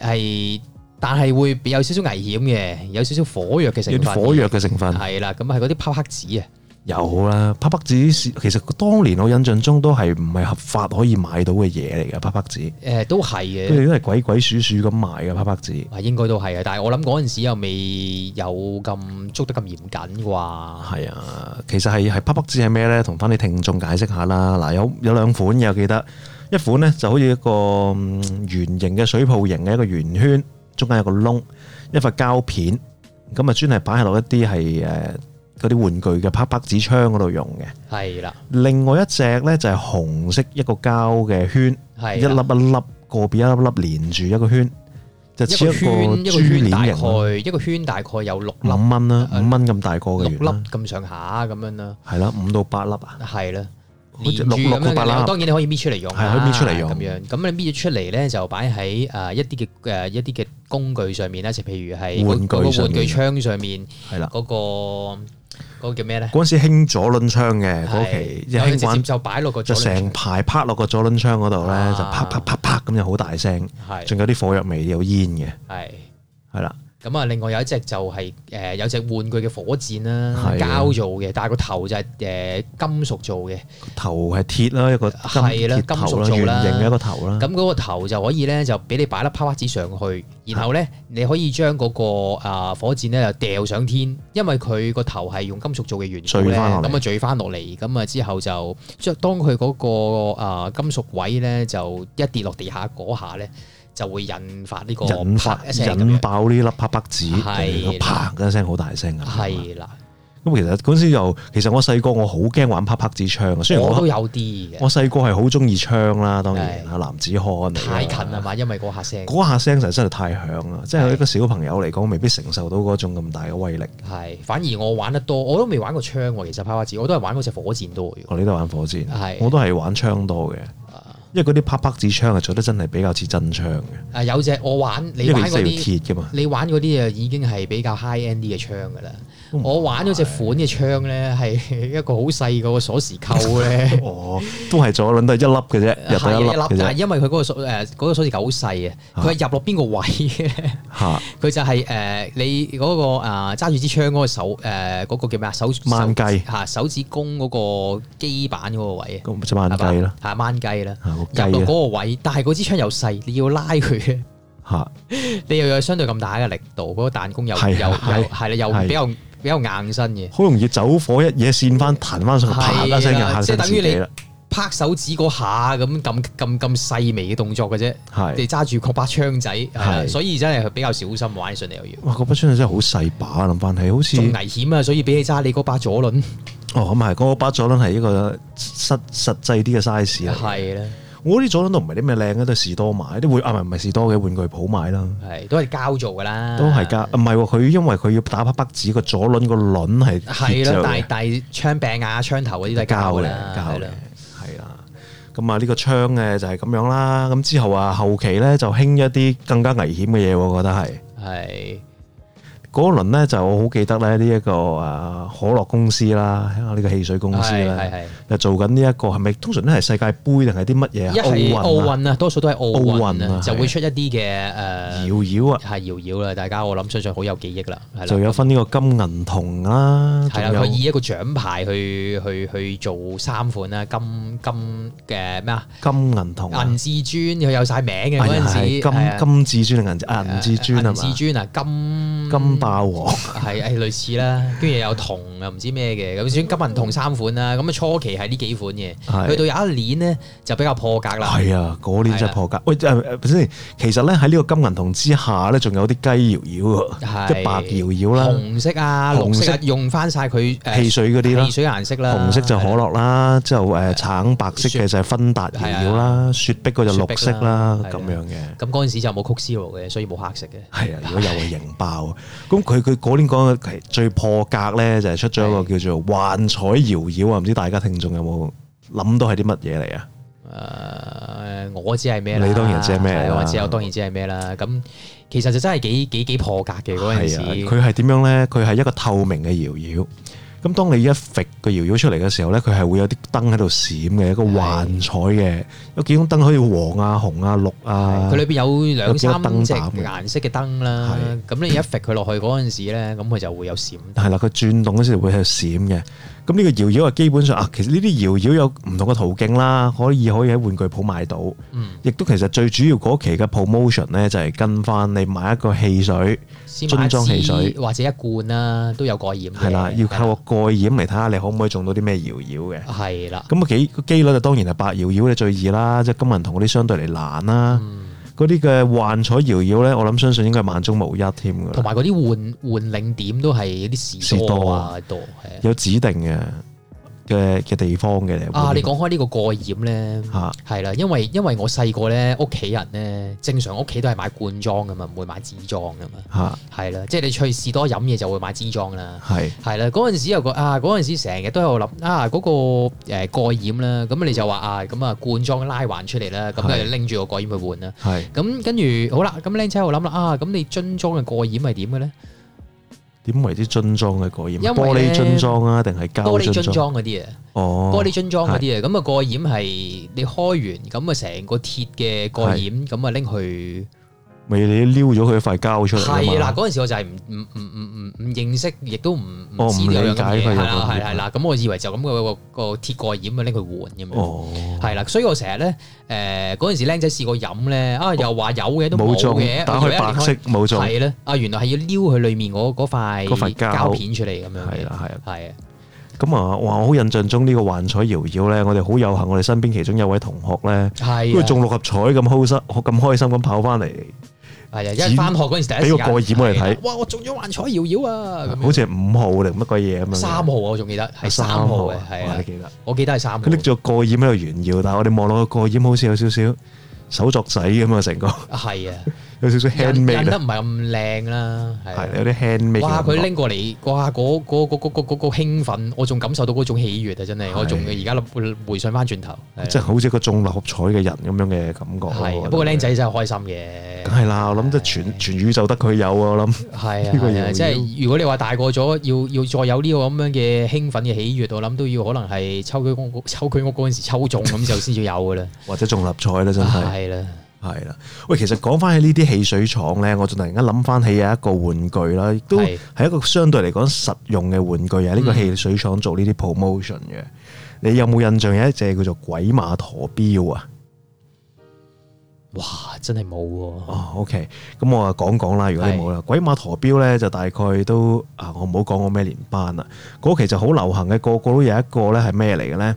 係，但係會有少少危險嘅，有少少火藥嘅成分。火藥嘅成分係啦，咁係嗰啲啪啪紙、嗯、啊，有啦，啪啪紙其實當年我印象中都係唔係合法可以買到嘅嘢嚟嘅啪啪紙。誒、呃，都係嘅，佢哋都係鬼鬼祟祟咁買嘅啪啪紙。係應該都係啊，但係我諗嗰陣時又未有咁捉得咁嚴謹啩。係啊，其實係係啪啪紙係咩咧？同翻啲聽眾解釋下啦。嗱，有有，有兩款又記得。一款咧就好似一個圓形嘅水泡形嘅一個圓圈，中間有個窿，一塊膠片，咁啊專係擺喺落一啲係誒嗰啲玩具嘅啪啪子槍嗰度用嘅。係啦的，另外一隻咧就係、是、紅色一個膠嘅圈，係的一粒一粒個別一粒一粒連住一個圈，就似一,一個珠鏈形。一個圈大概有六粒蚊啦，五蚊咁大個嘅，六粒咁上下咁樣啦。係啦，五到八粒啊。係啦。落當然你可以搣出嚟用。係，可以搣出嚟用咁樣。咁你搣咗出嚟咧，就擺喺誒一啲嘅誒一啲嘅工具上面啦，就譬如喺玩具玩具槍上面。係啦。嗰個叫咩咧？嗰陣時興左輪槍嘅嗰期，就擺落個左輪槍，成排啪落個左輪槍嗰度咧，就啪啪啪啪咁就好大聲，係。仲有啲火藥味，有煙嘅。係。係啦。咁啊，另外有一隻就係誒有隻玩具嘅火箭啦，的膠做嘅，但係個頭就係誒金屬做嘅。頭係鐵啦，一個金鐵頭啦，圓形嘅一個頭啦。咁嗰個頭就可以咧，就俾你擺粒啪紙上去，然後咧的你可以將嗰個火箭咧就掉上天，因為佢個頭係用金屬做嘅元素咧，咁啊墜翻落嚟，咁啊之後就將當佢嗰個金屬位咧就一跌落地下嗰下咧。就會引發呢個引發引爆呢粒啪啪子，啪！嗰聲好大聲啊！係啦，咁其實嗰陣時又，其實我細個我好驚玩啪啪子槍啊。雖然我都有啲，嘅，我細個係好中意槍啦。當然啊，男子漢太近啊嘛，因為嗰下聲，嗰下聲實在太響啦。即係一個小朋友嚟講，未必承受到嗰種咁大嘅威力。係，反而我玩得多，我都未玩過槍。其實啪啪子，我都係玩嗰隻火箭多嘅。我呢度玩火箭，我都係玩槍多嘅。因為嗰啲拍拍子槍做得真係比較似真槍，有隻我玩你玩嗰啲，因為佢係鐵㗎嘛。你玩嗰啲啊，已經係比較 high end 啲嘅槍㗎啦。我玩咗隻款嘅槍咧，係一個好細個鎖匙扣咧，都係左輪都係一粒嘅啫，入到一粒。但係因為佢個鎖誒嗰個鎖匙扣好細嘅，佢係入落邊個位嘅咧？嚇！佢就係誒你嗰個啊揸住支槍嗰個手誒嗰個叫咩啊手？掹雞嚇手指弓嗰個機板嗰個位啊，即係掹雞啦嚇掹雞啦入落嗰個位，但係嗰支槍又細，你要拉佢嘅嚇，你又有相對咁大嘅力度，嗰個彈弓又又又係啦，又比較。比較硬身嘅，好容易走火一嘢，扇翻彈翻上去，啪的一聲，即係等於你拍手指嗰下咁咁咁咁細微嘅動作嘅啫，係是的 你揸住嗰把槍仔，的所以真係比較小心玩起上嚟又要。哇的，把槍仔真係好細把，諗翻起，好似仲危險啊！所以比起揸你嗰把左輪，哦咁係，嗰把左輪係一個實實際啲嘅 size 啦。係啦。我啲左輪都唔係啲咩靚嘅，喺士多買啲，會啊唔係唔係士多嘅玩具鋪買啦，係都係膠做噶啦，都係膠，唔係佢因為佢要打匹筆紙個左輪個輪係，係啦，大大槍柄啊槍頭嗰啲都係膠嘅，膠嘅，係啦，咁啊呢個槍嘅就係咁樣啦，咁之後啊後期咧就興一啲更加危險嘅嘢，我覺得係。嗰輪咧就我好記得咧呢一個啊可樂公司啦，呢個汽水公司咧，就做緊呢一個係咪通常都係世界盃定係啲乜嘢啊？一係奧運啊，多數都係奧運啊，就會出一啲嘅誒。搖搖啊，係搖搖啦！大家我諗相信好有記憶啦。就有分呢個金銀銅啦，仲有以一個獎牌去去去做三款啦，金金嘅咩啊？金銀銅、銀至尊，佢有曬名嘅嗰陣時，金金至尊定銀啊銀至尊啊，銀至尊啊，金金。霸王，係係類似啦，跟住有銅啊，唔知咩嘅，咁先金銀銅三款啦。咁啊初期係呢幾款嘅，去到有一年呢，就比較破格啦。係啊，嗰年就破格。喂，誒先，其實咧喺呢個金銀銅之下咧，仲有啲雞搖搖啊，即白搖搖啦，紅色啊，紅色用翻晒佢汽水嗰啲啦，汽水嘅顏色啦，紅色就可樂啦，之後誒橙白色嘅就係芬達搖搖啦，雪碧嗰就綠色啦，咁樣嘅。咁嗰陣時就冇曲 u r 嘅，所以冇黑色嘅。係啊，如果又係盈爆。咁佢佢嗰年講嘅最破格咧，就係出咗一個叫做幻彩瑤瑤啊！唔知大家聽眾有冇諗到係啲乜嘢嚟啊？誒、呃，我知係咩。你當然知係咩。我知我當然知係咩啦。咁 其實就真係幾幾幾破格嘅嗰陣時。佢係點樣咧？佢係一個透明嘅瑤瑤。咁當你一揈個搖搖出嚟嘅時候咧，佢係會有啲燈喺度閃嘅，的一個幻彩嘅，有幾種燈可以黃啊、紅啊、綠啊，佢裏邊有兩三隻顏色嘅燈啦。咁的你一揈佢落去嗰陣時咧，咁佢就會有閃。係啦，佢轉動嗰時會喺度閃嘅。咁呢個瑤瑤啊，基本上啊，其實呢啲瑤瑤有唔同嘅途徑啦，可以可以喺玩具鋪買到，亦、嗯、都其實最主要嗰期嘅 promotion 咧，就係、是、跟翻你買一個汽水樽裝、嗯、汽水或者一罐啦、啊，都有蓋掩。係啦，要靠個蓋掩嚟睇下你可唔可以中到啲咩瑤瑤嘅。係啦，咁啊幾個機率就當然係白瑤瑤你最易啦，即係金銀同嗰啲相對嚟難啦。嗯嗰啲嘅幻彩瑤瑤咧，我諗相信應該係萬中無一添。同埋嗰啲換換領點都係一啲時多，有指定嘅嘅嘅地方嘅啊！你講開呢個蓋掩咧嚇係啦，因為因為我細個咧，屋企人咧，正常屋企都係買罐裝噶嘛，唔會買支裝噶嘛嚇係啦，即係你出去士多飲嘢就會買支裝啦係係啦。嗰陣時又個啊，嗰陣時成日都喺度諗啊，嗰個誒蓋掩啦，咁你就話啊，咁啊罐裝拉環出嚟啦，咁啊拎住個蓋掩去換啦。係咁跟住好啦，咁僆仔又諗啦啊，咁你樽裝嘅蓋掩係點嘅咧？點為之樽裝嘅蓋掩？因為玻璃樽裝啊，定係膠樽裝嗰啲啊？哦，玻璃樽裝嗰啲啊，咁啊蓋掩係你開完咁啊，成個鐵嘅蓋掩咁啊拎去。咪你撩咗佢一塊膠出嚟嘛？係啦，嗰陣時我就係唔唔唔唔唔唔認識，亦都唔唔了解，係啦係係啦，咁我以為就咁個個鐵蓋掩啊拎佢換咁樣，係啦，所以我成日咧誒嗰陣時僆仔試過飲咧啊，又話有嘅都冇嘅，打開白色冇錯係啦啊，原來係要撩佢裏面嗰嗰塊膠片出嚟咁樣嘅，係啦係啊係啊，咁啊話我好印象中呢個幻彩瑤瑤咧，我哋好有幸我哋身邊其中有位同學咧，佢中六合彩咁開心，咁開心咁跑翻嚟。係啊，一翻學嗰陣時第一日俾個過掩我哋睇，哇！我中咗幻彩瑤瑤啊！好似係五號定乜鬼嘢咁樣？三號我仲記得係三號啊，我記得，我記得係三號。拎咗個過掩喺度炫耀，但係我哋望落個過掩好似有少少手作仔咁啊，成個。啊的，係啊。有少少 hand 味，印得唔係咁靚啦，係有啲 hand 味。哇！佢拎過嚟，哇嗰嗰嗰嗰嗰嗰嗰興奮，我仲感受到嗰種喜悅啊！真係，我仲而家回想翻轉頭，真係好似個中六合彩嘅人咁樣嘅感覺。係，不過僆仔真係開心嘅，梗係啦！我諗得全全宇宙得佢有啊！我諗係啊，係啊，即係如果你話大個咗，要要再有呢個咁樣嘅興奮嘅喜悅，我諗都要可能係抽佢屋抽佢屋嗰陣時抽中咁就先至有㗎啦，或者中六合彩啦，真係。係啦。係啦，喂，其實講翻起呢啲汽水廠咧，我仲突然間諗翻起有一個玩具啦，亦都係一個相對嚟講實用嘅玩具啊！呢的個汽水廠做呢啲 promotion 嘅，你有冇印象有一隻叫做鬼馬陀錶啊？哇，真係冇、啊、哦。OK，咁我啊講講啦，如果你冇啦，的鬼馬陀錶咧就大概都啊，我唔好講我咩連班啦，嗰、那個、期就好流行嘅，個個都有一個咧係咩嚟嘅咧？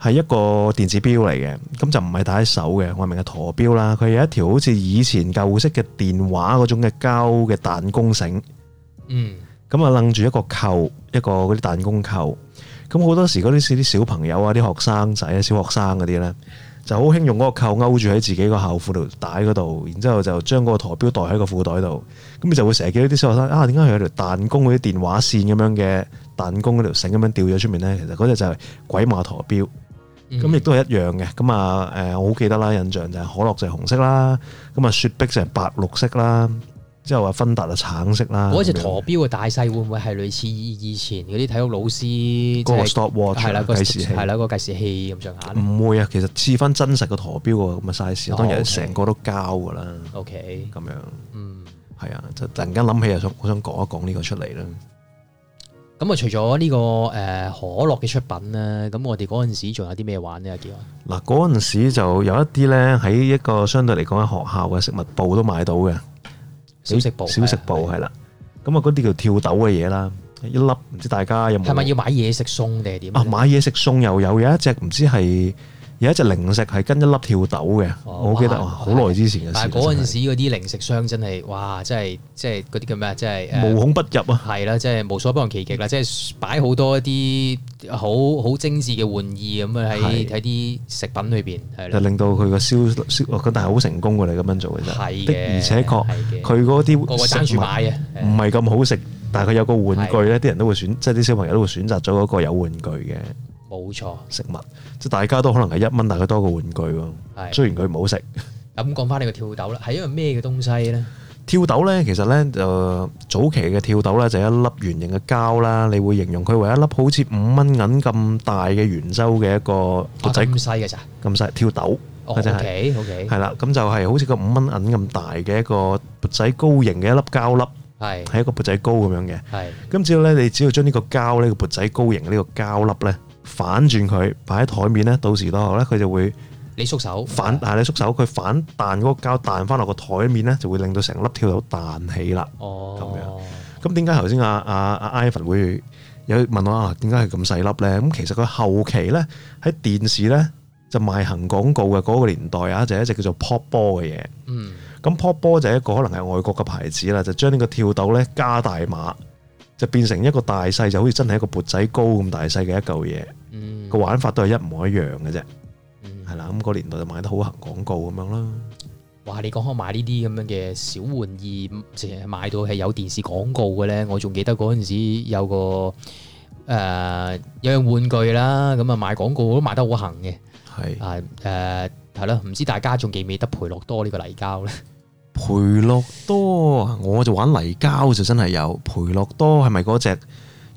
係一個電子錶嚟嘅，咁就唔係戴喺手嘅，我明係陀錶啦。佢有一條好似以前舊式嘅電話嗰種嘅膠嘅彈弓繩，嗯，咁啊楞住一個扣，一個嗰啲彈弓扣，咁好多時嗰啲似啲小朋友啊，啲學生仔、小學生嗰啲咧，就好興用嗰個扣勾住喺自己個校褲度帶喺嗰度，然之後就將嗰個陀錶袋喺個褲袋度，咁你就會成日見到啲小學生啊，點解佢有條彈弓嗰啲電話線咁樣嘅彈弓嗰條繩咁樣吊咗出面咧？其實嗰隻就係鬼馬陀錶。咁亦都係一樣嘅，咁啊誒，我好記得啦，印象就係可樂就係紅色啦，咁啊雪碧就係白綠色啦，之後啊芬達就橙色啦。嗰隻陀錶嘅大細會唔會係類似以前嗰啲體育老師、就係、個 stop watch 係、er，啦個計時器啦、個計時器咁上下，唔會啊，其實似翻真實個陀錶喎，咁嘅 size，當然成個都膠㗎啦。OK，咁樣，嗯，係啊，就突然間諗起又想，我想講一講呢個出嚟啦。咁啊，除咗呢個誒可樂嘅出品咧，咁我哋嗰陣時仲有啲咩玩呢？阿叫嗱，嗰陣時就有一啲咧，喺一個相對嚟講喺學校嘅食物部都買到嘅小，小食部，對小食部係啦。咁啊對，嗰啲對叫跳豆嘅嘢啦，一粒唔知大家有冇？係咪要買嘢食餸定係點啊？買嘢食餸又有，有一隻唔知係。有一隻零食係跟一粒跳豆嘅，我記得好耐之前嘅事。但係嗰陣時嗰啲零食商真係，哇！真係即係嗰啲叫咩啊？真係無孔不入啊！係啦，即係無所不用其極啦！即係擺好多一啲好好精緻嘅玩意咁啊，喺喺啲食品裏邊，係啦，令到佢個銷銷落，但係好成功㗎，你咁樣做嘅真係，的而且確佢嗰啲食物唔係咁好食，但係佢有個玩具咧，啲人都會選，即係啲小朋友都會選擇咗嗰個有玩具嘅。冇錯，食物即係大家都可能係一蚊，大概多個玩具喎。係，雖然佢唔好食。咁講翻你個跳豆啦，係因為咩嘅東西咧？跳豆咧，其實咧就早期嘅跳豆咧，就一粒圓形嘅膠啦。你會形容佢為一粒好似五蚊銀咁大嘅圓周嘅一個砵仔糕咁細嘅咋？咁細跳豆。O K O K，係啦，咁就係好似個五蚊銀咁大嘅一個砵仔糕形嘅一粒膠粒，係係一個砵仔糕咁樣嘅。係咁之後咧，你只要將呢個膠咧個砵仔糕形嘅呢個膠粒咧。反轉佢擺喺台面咧，到時多學咧佢就會你縮手反，但係你縮手佢反彈嗰個膠彈翻落個台面咧，就會令到成粒跳豆彈起啦。哦，咁樣。咁點解頭先阿阿阿 Ivan 會有問我啊？點解係咁細粒咧？咁其實佢後期咧喺電視咧就賣行廣告嘅嗰個年代啊，就係、一直叫做 Pop Ball 嘅嘢。嗯。咁 Pop Ball 就係一個可能係外國嘅牌子啦，就將呢個跳豆咧加大碼，就變成一個大細就好似真係一個缽仔糕咁大細嘅一嚿嘢。個玩法都係一模一樣嘅啫，係啦、嗯。咁個年代就賣得好行廣告咁樣啦。哇！你講開買呢啲咁樣嘅小玩意，成日買到係有電視廣告嘅咧。我仲記得嗰陣時有個誒、呃，有樣玩具啦，咁啊賣廣告都賣得好行嘅。係啊是，誒、呃，係咯。唔知大家仲記唔記得培樂多呢個泥膠咧？培樂多我就玩泥膠就真係有培樂多，係咪嗰隻？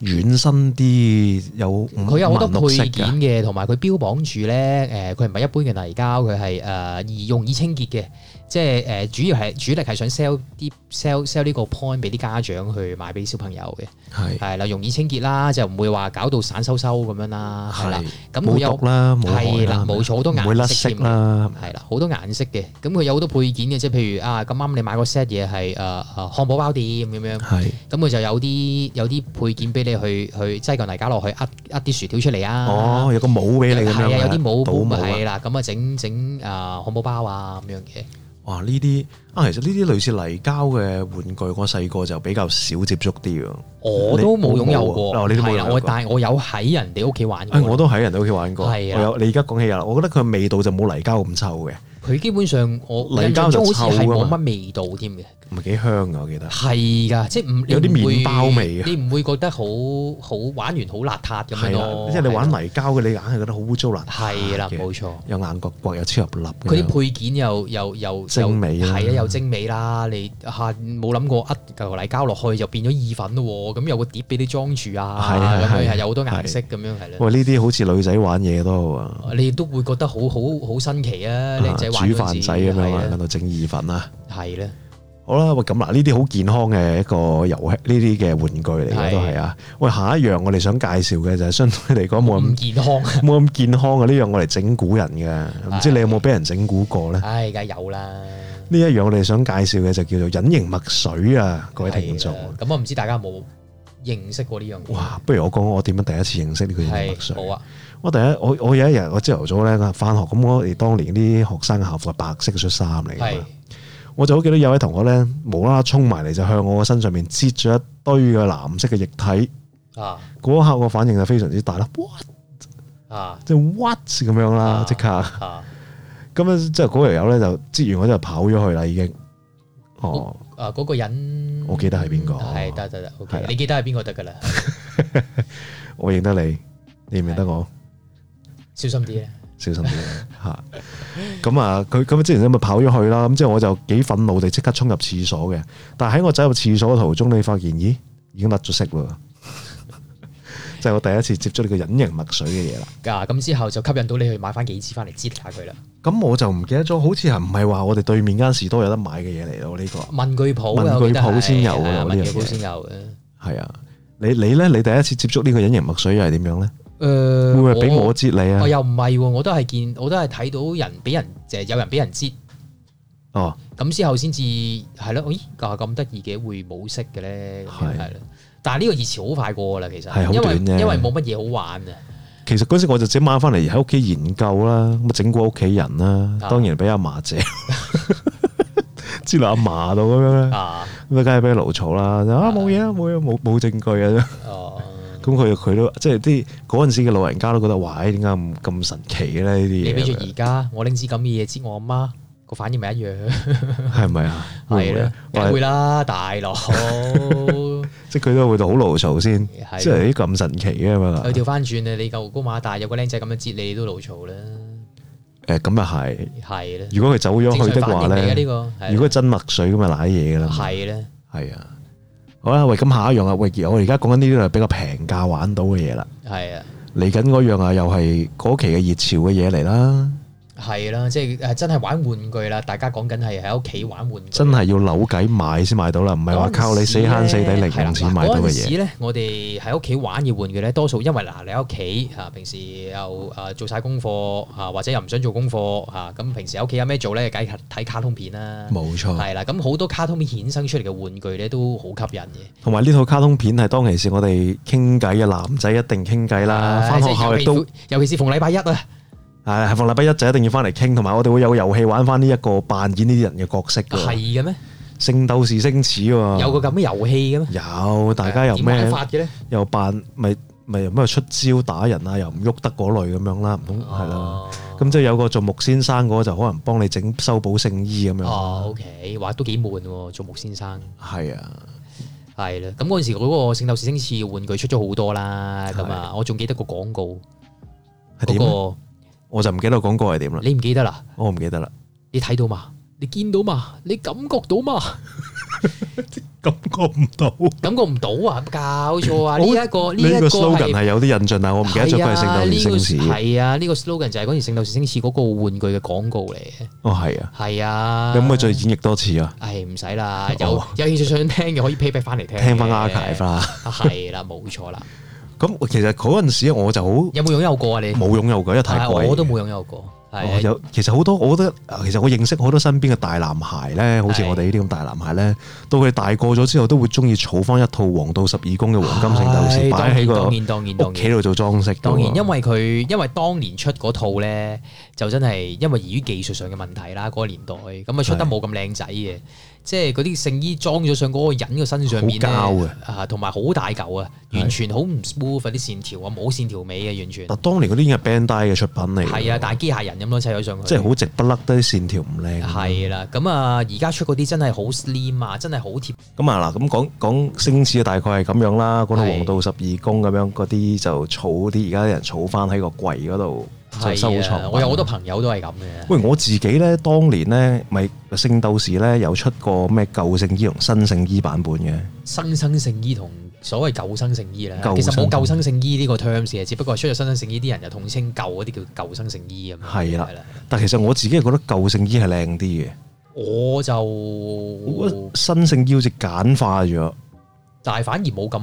軟身啲，有好多配件嘅，同埋佢標榜住咧，誒、呃，佢唔係一般嘅泥膠，佢係誒易容易清潔嘅。即係誒，主要係主力係想 sell 啲 sell sell 呢個 point 俾啲家長去買俾小朋友嘅，係係啦，容易清潔啦，就唔會話搞到散收收咁樣啦，係啦，咁冇毒啦，係啦，冇錯好多顏色啦，係啦，好多顏色嘅，咁佢有好多配件嘅，即係譬如啊，咁啱你買個 set 嘢係誒誒漢堡包店咁樣，咁佢就有啲有啲配件俾你去去擠個泥膠落去，呃呃啲薯條出嚟啊，哦，有個模俾你咁樣，係啊，有啲模，係啦，咁啊整整啊漢堡包啊咁樣嘅。啊！呢啲啊，其實呢啲類似泥膠嘅玩具，我細個就比較少接觸啲咯。我都冇擁有，有過，係、嗯、啊。我但係我有喺人哋屋企玩過，哎。我都喺人哋屋企玩過。係啊。你而家講起啊，我覺得佢味道就冇泥膠咁臭嘅。佢基本上我泥膠就臭嘅，好似係冇乜味道添嘅。唔幾香噶，我記得。係噶，即係唔有啲麵包味嘅，你唔會覺得好好玩完好邋遢咁樣咯。即係你玩泥膠嘅，你硬係覺得好污糟邋遢啦。係啦，冇錯。有硬角角，有超入粒。佢啲配件又又又精美，係啊，又精美啦。你嚇冇諗過，一嚿泥膠落去就變咗意粉咯。咁有個碟俾你裝住啊，咁樣係有好多顏色咁樣係啦。喂，呢啲好似女仔玩嘢多啊，你都會覺得好好好新奇啊！靚仔玩嗰啲煮飯仔咁樣喺度整意粉啊，係啦。好啦，喂，咁嗱，呢啲好健康嘅一個遊戲，呢啲嘅玩具嚟嘅都係啊。喂的，下一樣我哋想介紹嘅就係、是、相對嚟講冇咁健康，冇咁 健康嘅呢樣我嚟整蠱人嘅，唔、哎、知你有冇俾人整蠱過咧？唉、哎，梗係有啦。呢一樣我哋想介紹嘅就叫做隱形墨水啊，各位聽眾。咁我唔知大家有冇認識過呢樣嘢？哇！不如我講我點樣第一次認識呢個隱形墨水冇啊。我第一我我有一日我朝頭早咧，咁啊翻學，咁我哋當年啲學生嘅校服係白色恤衫嚟嘅。的我就好記得有位同學咧，無啦啦沖埋嚟就向我身上面擠咗一堆嘅藍色嘅液體。啊，嗰一刻我反應就非常之大啦，哇！啊，即係哇咁樣啦，即刻，啊。咁啊，之後嗰條友咧就擠完我就跑咗去啦，已經。哦，啊，嗰、啊那個人，我記得係邊個？係得得得，OK，你記得係邊個得噶啦？ 我認得你，你唔認得我？小心啲咧！小心啲吓，咁啊佢咁之前咧咪跑咗去啦，咁之後我就幾憤怒地即刻衝入廁所嘅，但係喺我走入廁所嘅途中，你發現咦已經甩咗色喎， 就係我第一次接觸呢個隱形墨水嘅嘢啦。咁、啊、之後就吸引到你去買翻幾次翻嚟折下佢啦。咁、嗯、我就唔記得咗，好似係唔係話我哋對面間士多有得買嘅嘢嚟咯？呢個文具鋪文具鋪先有嘅，文具鋪先有嘅。係啊，你你咧，你第一次接觸呢個隱形墨水又係點樣咧？誒，呃、會唔會俾我接你啊？我又唔係，我都係見，我都係睇到人俾人，就有人俾人接。哦，咁之後先至係咯，咦，咁得意嘅會冇識嘅咧，係啦。但係呢個以前好快過噶啦，其實係好短，因為因為冇乜嘢好玩啊。其實嗰時我就整晚翻嚟喺屋企研究啦，我整過屋企人啦，當然俾阿嫲姐之落阿嫲度咁樣，咁啊梗係俾佢嘮嘈啦，啊冇嘢啦，冇冇冇證據嘅咁佢佢都即係啲嗰陣時嘅老人家都覺得，哇！點解咁咁神奇咧？呢啲嘢你比住而家，他我拎支咁嘅嘢接我阿媽個反應咪一樣？係 咪啊？係啦，的你會啦，大佬！ 即係佢都會度好牢嘈先，即係啲咁神奇嘅嘛！佢調翻轉你夠高馬大，有個僆仔咁樣接你都牢嘈啦。誒，咁啊係係啦。如果佢走咗去的話咧， 的如果真墨水咁咪瀨嘢啦。係咧，係啊的。的好啦，喂，咁下一樣啊。喂，我而家講緊呢啲就係比較平價玩到嘅嘢的啦，係啊，嚟緊嗰樣啊，又係嗰期嘅熱潮嘅嘢嚟啦。係啦，即係真係玩玩具啦！大家講緊係喺屋企玩玩具。玩玩具真係要扭計買先買到啦，唔係話靠你死慳死抵零用錢買到嘅嘢。嗰陣時呢我哋喺屋企玩嘅玩具咧，多數因為嗱、啊，你喺屋企嚇，平時又誒、啊、做晒功課嚇、啊，或者又唔想做功課嚇，咁、啊啊、平時喺屋企有咩做咧？梗係睇卡通片啦。冇錯。係啦，咁好多卡通片衍生出嚟嘅玩具咧，都好吸引嘅。同埋呢套卡通片係當其時我哋傾偈嘅男仔一定傾偈啦，翻學校亦都，尤其是逢禮拜一啊。 係，係逢禮拜一就一定要翻嚟傾，同埋我哋會有遊戲玩翻呢一個扮演呢啲人嘅角色。係嘅咩？聖鬥士星矢喎，有個咁嘅遊戲嘅咩？有，大家又咩？點開發嘅咧？又扮咪咪又咩出招打人啊？又唔喐得嗰類咁樣啦，唔通係啦？咁即係有個做木先生嗰個就可能幫你整修補聖衣咁樣。哦，OK，玩都幾悶喎，做木先生。係啊，係啦。咁嗰陣時嗰個聖鬥士星矢玩具出咗好多啦。咁啊，我仲記得個廣告係點？我就唔記得廣告係點啦。你唔記得啦？我唔記得啦。你睇到嘛？你見到嘛？你感覺到嘛？感覺唔到。感覺唔到啊？搞錯啊？呢一個呢個 slogan 係有啲印象，但係我唔記得咗係聖鬥士星矢。係啊，呢個 slogan 就係嗰時聖鬥士星矢嗰個玩具嘅廣告嚟嘅。哦，係啊。係啊。可唔可以再演繹多次啊？誒，唔使啦。有有興趣想聽嘅可以 repeat 翻嚟聽。聽翻 archive 翻。係啦，冇錯啦。咁其實嗰陣時，我就好有冇擁有過啊？你冇擁有過，因為太貴。我都冇擁有過、哦。有，其實好多，我覺得其實我認識好多身邊嘅大男孩咧，好似我哋呢啲咁大男孩咧，的到佢大個咗之後，都會中意儲翻一套黃道十二宮嘅黃金聖鬥士擺喺個屋企度做裝飾。當然，當然當然當然因為佢因為當年出嗰套咧，就真係因為而於技術上嘅問題啦，嗰、那個、年代咁啊出得冇咁靚仔嘅。即係嗰啲聖衣裝咗上嗰個人嘅身上面咧，膠啊，同埋好大嚿啊，完全好唔 smooth 啲線條啊，冇線條尾啊，完全。嗱，當年嗰啲已經係 Bandai 嘅出品嚟。係啊，但係機械人咁樣砌咗上去。去？即係好直不甩，都啲線條唔靚。係啦，咁啊，而家出嗰啲真係好 slim 啊，真係好貼。咁啊嗱，咁講講星矢大概係咁樣啦。講到黃道十二宮咁樣，嗰啲就儲啲，而家啲人儲翻喺個櫃嗰度。係啊！我有好多朋友都係咁嘅。喂，我自己咧，當年咧咪《聖鬥士》咧有出過咩舊聖衣同新聖衣版本嘅？新生聖衣同所謂舊生聖衣咧，其實冇舊生聖衣呢個 terms 只不過出咗新生聖衣啲人又統稱舊嗰啲叫舊生聖衣咁。係啦、啊，啊、但其實我自己係覺得舊聖衣係靚啲嘅。我就我新聖衣好似簡化咗，但係反而冇咁。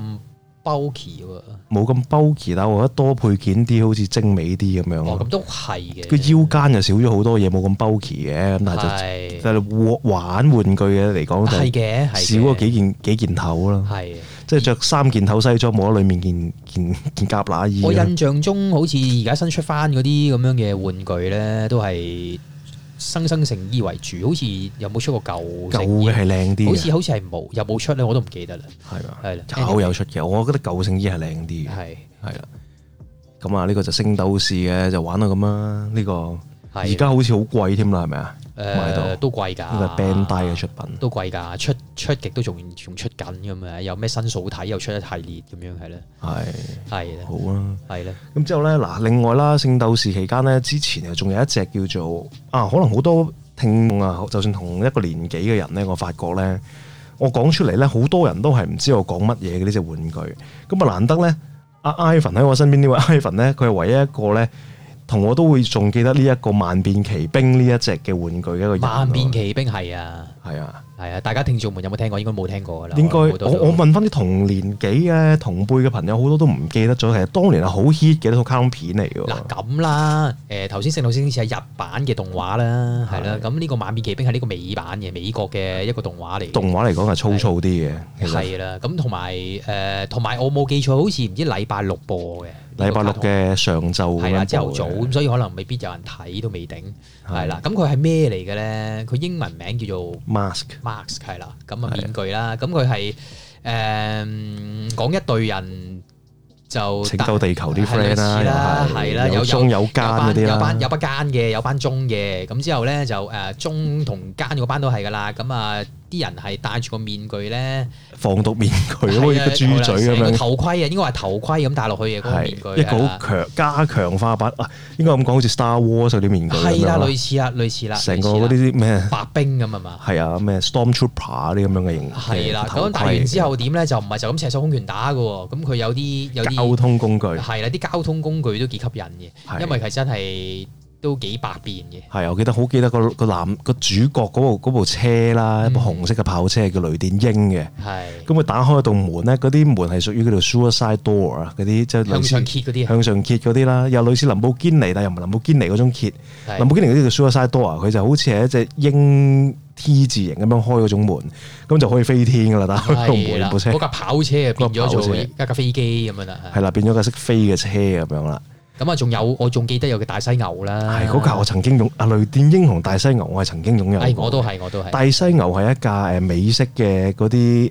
bulky 冇咁 bulky，但我覺得多配件啲，好似精美啲咁樣。哦，咁都係嘅。個腰間又少咗好多嘢，冇咁 bulky 嘅，的但係就就玩玩具嘅嚟講，係嘅，少咗幾件幾件頭啦。係的，即係着三件頭西裝，冇咗裏面件件件夾乸衣。我印象中，好似而家新出翻嗰啲咁樣嘅玩具咧，都係。生生聖衣為主，好似有冇出過舊舊嘅？係靚啲，好似好似係冇，有冇出咧，我都唔記得啦。係啊，係啦，好有出嘅，我覺得舊聖衣係靚啲嘅。係係啦，咁啊呢個就聖鬥士嘅就玩到咁啦，呢個。而家好似好貴添啦，係咪啊？誒、呃，買到都貴噶 Bandai 嘅出品都貴噶，出出極都仲仲出緊咁啊！有咩新數好睇又出一系列咁樣係咧？係係好啦，係啦。咁之後咧嗱，另外啦，聖鬥士期間咧，之前啊，仲有一隻叫做啊，可能好多聽眾啊，就算同一個年紀嘅人咧，我發覺咧，我講出嚟咧，好多人都係唔知我講乜嘢嘅呢隻玩具。咁啊，難得咧，阿 Ivan 喺我身邊呢位 Ivan 咧，佢係唯一一個咧。同我都會仲記得呢、這、一個萬變奇兵呢一隻嘅玩具嘅一個人。萬變奇兵係啊，係啊，係啊！大家聽眾們有冇聽過？應該冇聽過㗎啦。應該我我，我問翻啲同年紀嘅同輩嘅朋友，好多都唔記得咗。其實當年係好 hit 嘅一套卡通片嚟㗎。嗱咁啦，誒頭先聖鬥士星矢似係日版嘅動畫啦，係啦、啊。咁呢、啊這個萬變奇兵係呢個美版嘅美國嘅一個動畫嚟、啊。動畫嚟講係粗糙啲嘅，係啦、啊。咁同埋誒，同埋我冇記錯，好似唔知禮拜六期播嘅。禮拜六嘅上晝，係啊，朝頭早，咁所以可能未必有人睇都未定，係啦。咁佢係咩嚟嘅咧？佢英文名叫做 Mask，Mask 係啦。咁啊，面具啦。咁佢係誒講一隊人就拯救地球啲 friend 啦，係啦，有有有班有班有班奸嘅，有班忠嘅。咁之後咧就誒忠同奸嗰班都係噶啦。咁啊～啲人係戴住個面具咧，防毒面具，一個豬嘴咁樣，頭盔啊，應該話頭盔咁戴落去嘅嗰個面具，一個好強加強化版，應該咁講，好似 Star Wars 嗰啲面具，係啦，類似啦，類似啦，成個嗰啲咩白兵咁係嘛，係啊，咩 Stormtrooper 啲咁樣嘅形，係啦，咁戴完之後點咧就唔係就咁赤手空拳打嘅喎，咁佢有啲有啲交通工具，係啦，啲交通工具都幾吸引嘅，因為佢真係。都幾百變嘅。係，我記得好記得個個男、個主角嗰、嗰、部、個、部車啦，一部紅色嘅跑車叫雷電鷹嘅。係是。咁佢打開個度門咧，嗰啲門係屬於叫做 suicide door 啊，嗰啲即係類似向上揭嗰啲，向上揭嗰啲啦。是又類似林寶堅尼，但又唔係林寶堅尼嗰種揭。是林寶堅尼嗰啲叫 suicide door，佢就好似係一隻鷹 T 字形咁樣開嗰種門，咁就可以飛天噶啦。打開個門，的部車嗰架跑車變咗一架飛機咁樣啦。係啦，變咗架識飛嘅車咁樣啦。咁啊，仲有我仲記得有個大犀牛啦，係嗰架我曾經擁啊，《雷電英雄》大犀牛，我係曾經擁有哎，我都係，我都係。大犀牛係一架誒美式嘅嗰啲誒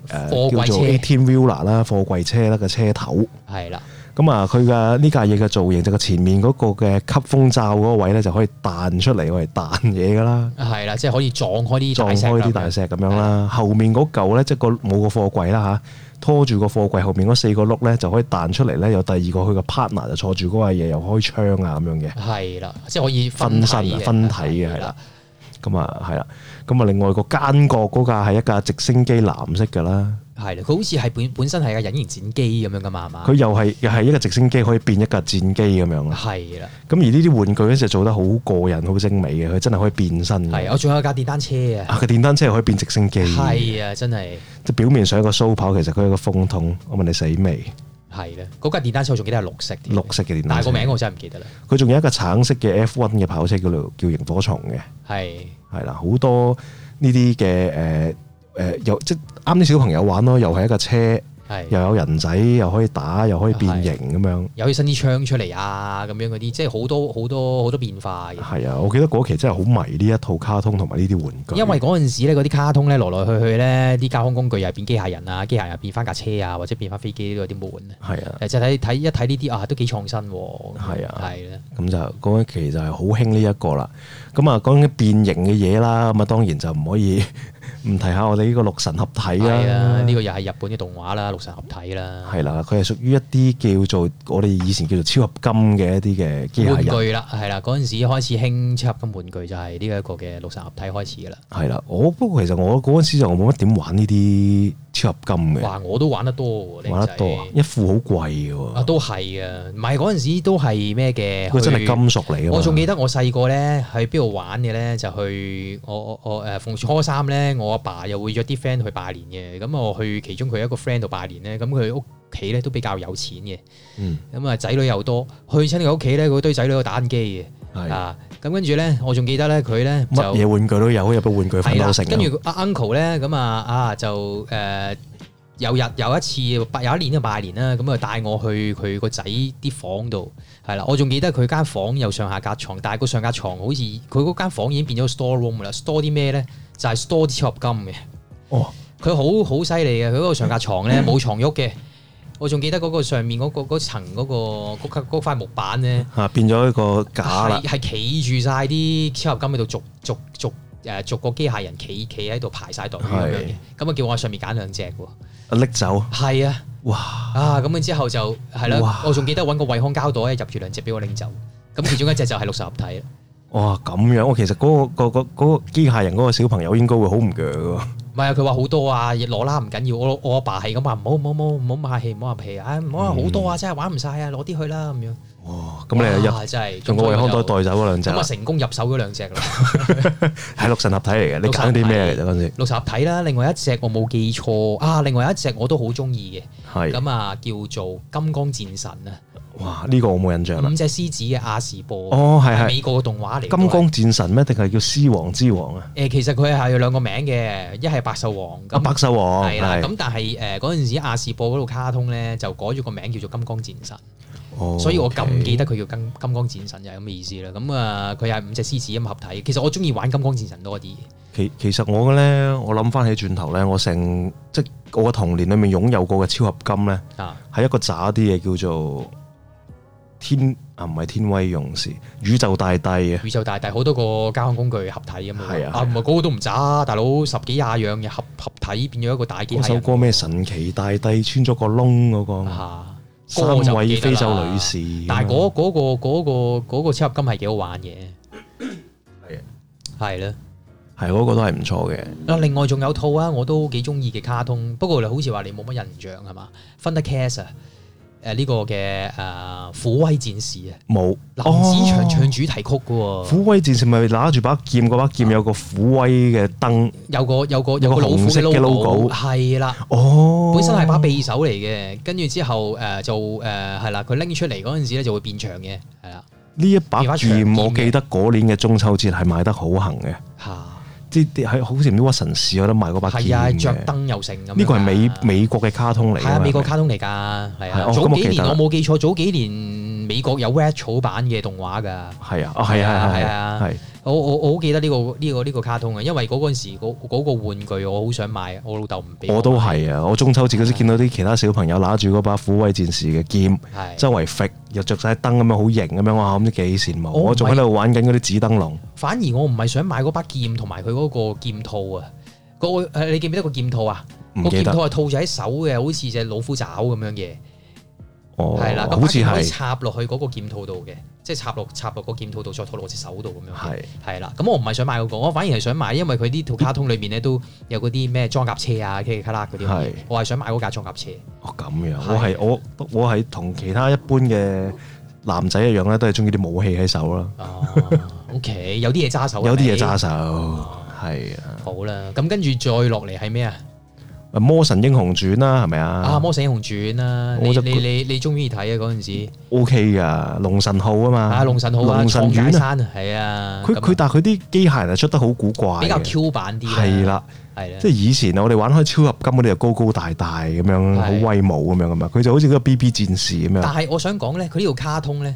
叫做 Eighteen Wheeler 啦，貨櫃車啦嘅車頭。係啦，咁啊，佢嘅呢架嘢嘅造型就個前面嗰個嘅吸風罩嗰個位咧，就可以彈出嚟，我嚟彈嘢噶啦。係啦，即係可以撞開啲撞開啲大石咁樣啦。後面嗰嚿咧，即係個冇個貨櫃啦嚇。拖住個貨櫃，後面嗰四個碌咧，就可以彈出嚟咧。有第二個佢個 partner 就坐住嗰架嘢，又開槍啊咁樣嘅。係啦，即係可以分身、分體嘅係啦。咁啊，係啦。咁啊，另外個間角嗰架係一架直升機，藍色噶啦。係啦，佢好似係本本身係個隱形戰機咁樣噶嘛，係嘛。佢又係又係一個直升機可以變一架戰機咁樣。係啦。咁而呢啲玩具咧就做得好過癮，好精美嘅。佢真係可以變身。係，我仲有架電單車啊。個電單車可以變直升機。係啊，真係。表面上一個蘇跑，其實佢係個風筒。我問你死未？係啦，嗰架電單車我仲記得係綠色嘅電單車，但係個名我真係唔記得啦。佢仲有一個橙色嘅 F1 嘅跑車叫做叫螢火蟲嘅，係係啦，好多呢啲嘅誒誒，又即係啱啲小朋友玩咯，又係一架車。又有人仔，又可以打，又可以變形咁的樣，又可以伸啲槍出嚟啊，咁樣嗰啲，即係好多好多好多變化。係啊，我記得嗰期真係好迷呢一套卡通同埋呢啲玩具。因為嗰陣時咧，嗰啲卡通咧來來去去呢，啲交通工具又變機械人啊，機械人又變翻架車啊，或者變翻飛機嗰啲悶。係啊，的就睇一睇呢啲啊，都幾創新。係啊，係咁就嗰一期就係好興呢一個啦。咁啊，講啲變形嘅嘢啦，咁啊，當然就唔可以。 唔提下我哋呢個六神合體啦，呢個又係日本嘅動畫啦，六神合體啦。係啦，佢係屬於一啲叫做我哋以前叫做超合金嘅一啲嘅機械人玩具啦。係啦，嗰陣時開始興超合金玩具就係呢一個嘅六神合體開始㗎啦。係啦，我不過其實我嗰陣時就冇乜點玩呢啲。合金嘅，哇！我都玩得多，玩得多啊，就係、一副好貴嘅，啊，都係啊，唔係嗰陣時都係咩嘅，佢真係金屬嚟。我仲記得我細個咧，喺邊度玩嘅咧，就去我我我誒，逢初三咧，我阿爸，爸又會約啲 friend 去拜年嘅，咁我去其中佢一個 friend 度拜年咧，咁佢屋企咧都比較有錢嘅，嗯，咁啊仔女又多，去親佢屋企咧，嗰堆仔女打機嘅，係的啊。咁跟住咧，我仲記得咧，佢咧乜嘢玩具都有，有部玩具翻到食。跟住阿 Uncle 咧，咁啊啊就誒、呃、有日有一次有一年定拜年啦，咁就帶我去佢個仔啲房度，係啦，我仲記得佢間房有上下格床，但係個上格床好似佢嗰間房間已經變咗 store room 啦，store 啲咩咧就係 store 啲超合金嘅。哦，佢好好犀利嘅，佢嗰個上格床咧冇床褥嘅。嗯我仲記得嗰個上面嗰，那個嗰層嗰塊木板咧，嚇、啊、變咗一個架啦，係企住晒啲超合金喺度，逐逐逐誒逐個機械人企企喺度排晒隊咁是樣嘅，咁啊叫我喺上面揀兩隻喎，拎走係啊，哇啊咁之後就係啦哇、啊，我仲記得揾個衛康膠袋入住兩隻俾我拎走，咁其中一隻就係六神合體啦。 哇，咁樣我其實嗰，那個嗰，那個那個那個機械人嗰個小朋友應該會好唔鋸㗎。唔係啊！佢話好多啊，攞啦唔緊要。我我阿爸係咁話，唔好唔好唔好唔好咁客氣，唔好咁皮啊！唔好話好多啊，真係玩唔晒啊，攞啲去啦咁樣。哇！咁你啊，真係用個遺憾袋帶走嗰兩隻。咁啊，成功入手咗兩隻啦。係六神合體嚟嘅，你揀啲咩嚟啫嗰陣時？六神合體啦，另外一隻我冇記錯啊，另外一隻我都好中意嘅。係咁啊，叫做金剛戰神啊。哇！呢、這個我冇印象啦。五隻獅子嘅亞視播哦，係係美國嘅動畫嚟嘅，金剛戰神咩？定係叫獅王之王啊？誒、呃，其實佢係有兩個名嘅，一係百獸王咁，啊、那百獸王係啦。咁的的但係誒嗰陣時亞視播嗰度卡通咧，就改咗個名叫做金剛戰神。哦、所以我咁記得佢叫金、哦 okay、金剛戰神就係咁嘅意思啦。咁啊，佢、呃、係五隻獅子咁合體。其實我中意玩金剛戰神多啲。其其實我咧，我諗翻起轉頭咧，我成即我嘅童年裏面擁有過嘅超合金咧，啊，係一個渣啲嘢叫做。天啊，唔係天威勇士，宇宙大帝啊！宇宙大帝好多個交通工具合體吖嘛！啊，唔係嗰個都唔渣，大佬十幾廿樣嘅合合體變咗一個大件。嗰首歌咩？神奇大帝穿咗個窿嗰個，三位非洲女士。但係嗰嗰個嗰個個超合金係幾好玩嘅，係係啦，係嗰個都係唔錯嘅。啊，另外仲有套啊，我都幾中意嘅卡通，不過你好似話你冇乜印象係嘛？Thundercats 誒，呢個嘅，誒，呃、虎威戰士啊，冇林子祥唱主題曲噶喎、哦。哦、虎威戰士咪拿住把劍，嗰把劍有個虎威嘅燈，有個有個有個老虎嘅 logo，係啦。哦，本身係把匕首嚟嘅，跟住之後誒就誒係啦，佢、呃、拎出嚟嗰陣時咧就會變長嘅，係啦。呢一把劍我記得嗰年嘅中秋節係賣得好行嘅。吓。即係好似唔知屈臣氏有得賣嗰把劍啊，着燈又成咁。呢個係美美國嘅卡通嚟。嘅，係啊，美國卡通嚟㗎。係啊，早幾年我冇記錯，早幾年美國有 Retro 版嘅動畫㗎。係啊，啊係係係啊係。我我好記得呢個呢個呢個卡通嘅，因為嗰嗰陣時嗰嗰個玩具我好想買，我老豆唔俾。我都係啊！我中秋節嗰時見到啲其他小朋友拿住嗰把虎威戰士嘅劍，的周圍揈又着晒燈咁樣好型咁樣，我嚇唔知幾羨慕！哦、我仲喺度玩緊嗰啲紙燈籠。反而我唔係想買嗰把劍同埋佢嗰個劍套啊！個你記唔記得個劍套啊？個劍套係套住喺手嘅，好似隻老虎爪咁樣嘢。係啦，咁可以插落去嗰個劍套度嘅，即、就、係、是、插落插落嗰劍套度，再套落隻手度咁樣。係係啦，咁、okay? 我唔係想買嗰、那個，我反而係想買，因為佢呢套卡通裏邊咧都有嗰啲咩裝甲車啊，Ker 卡拉嗰啲。是我係想買嗰架裝甲車。哦，咁樣，我係是我我係同其他一般嘅男仔一樣咧，都係中意啲武器喺手啦。哦、 o、okay, k 有啲嘢揸手，有啲嘢揸手，係沒、哦、啊。好啦，咁跟住再落嚟係咩啊？魔神英雄傳啦，係咪啊？啊，魔神英雄傳啦、啊，你你你你中意睇啊？嗰陣時 O K 噶，龍、okay、神號啊嘛，啊龍神號啊，龍神丸係啊，佢佢但係佢啲機械人啊出得好古怪，比較 Q 版啲，係啦了，係啦、啊，即係以前我哋玩開超合金嗰啲就高高大大咁樣，好、啊、威武咁樣噶嘛，佢就好似嗰個 B B 戰士咁樣。但係我想講咧，佢呢套卡通咧，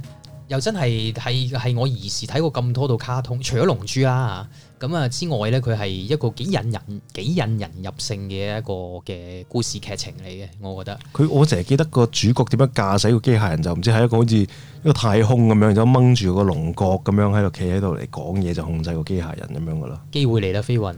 又真係係係我兒時睇過咁多套卡通，除咗龍珠啦、啊。咁啊之外咧，佢係一個幾引人、幾引人入勝嘅一個嘅故事劇情嚟嘅，我覺得。佢我成日記得個主角點樣駕駛個機械人，就唔知係一個好似一個太空咁樣，就掹住個龍角咁樣喺度企喺度嚟講嘢，就控制個機械人咁樣噶啦。機會嚟啦，飛雲。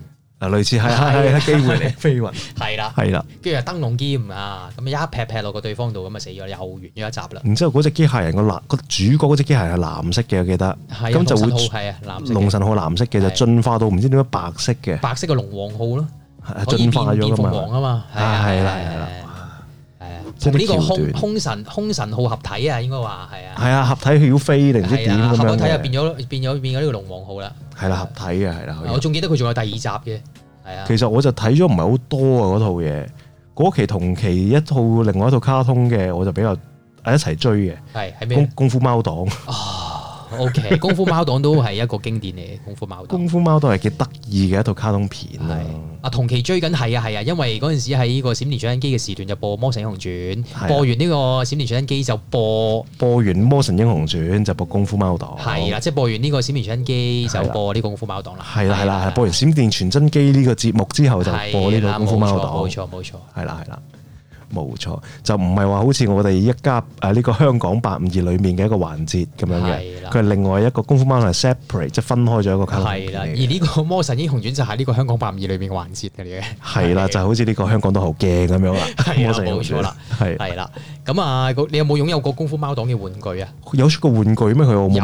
又類似係啊，機會嚟飛雲，係啦，係啦，跟住啊燈籠劍啊，咁一劈劈落個對方度，咁啊死咗，又完咗一集啦。然之後嗰隻機械人個主角嗰隻機械係藍色嘅，我記得，咁就會龍神號藍色嘅就進化到唔知點樣白色嘅，白色嘅龍王號啦，進化咗變鳳凰啊嘛，係啦。同呢個空空神空神號合體啊，應該話係啊。係啊，啊，合體曉飛定唔知點咁樣合體就變咗變咗變咗呢個龍王號啦。係啦、啊，啊、合體嘅係啦。啊啊、我仲記得佢仲有第二集嘅。係啊。其實我就睇咗唔係好多啊嗰套嘢。嗰、那個那個、期同期一套另外一套卡通嘅我就比較一啊一齊追嘅。係功，功夫貓檔。 O、okay, K，功夫貓檔都係一個經典嘅功夫貓檔。功夫貓檔係幾得意嘅一套卡通片啦、啊。啊，同期追緊係啊係啊，因為嗰陣時喺呢個閃電傳真機嘅時段就播《魔神英雄傳》啊，播完呢個閃電傳真機就播播完《魔神英雄傳》就播功夫貓檔。係啦、啊，即、就、係、是、播完呢個閃電傳真機就播呢個功夫貓檔啦。係啦係啦，播完閃電傳真機呢個節目之後就播呢個功夫貓檔。冇錯冇錯，係啦係啦。冇錯，就唔係話好似我哋一家誒呢個香港八五二裏面嘅一個環節咁樣嘅，佢係另外一個功夫貓係 separate，即係分開咗一個卡通。而呢個《魔神英雄傳》就喺呢個香港八五二裏面嘅環節嘅嘢。係啦，就好似呢個香港都好驚咁樣啦。係冇錯啦，係係啦。咁啊，你有冇擁有過功夫貓黨嘅玩具啊？有出過玩具咩？佢有冇？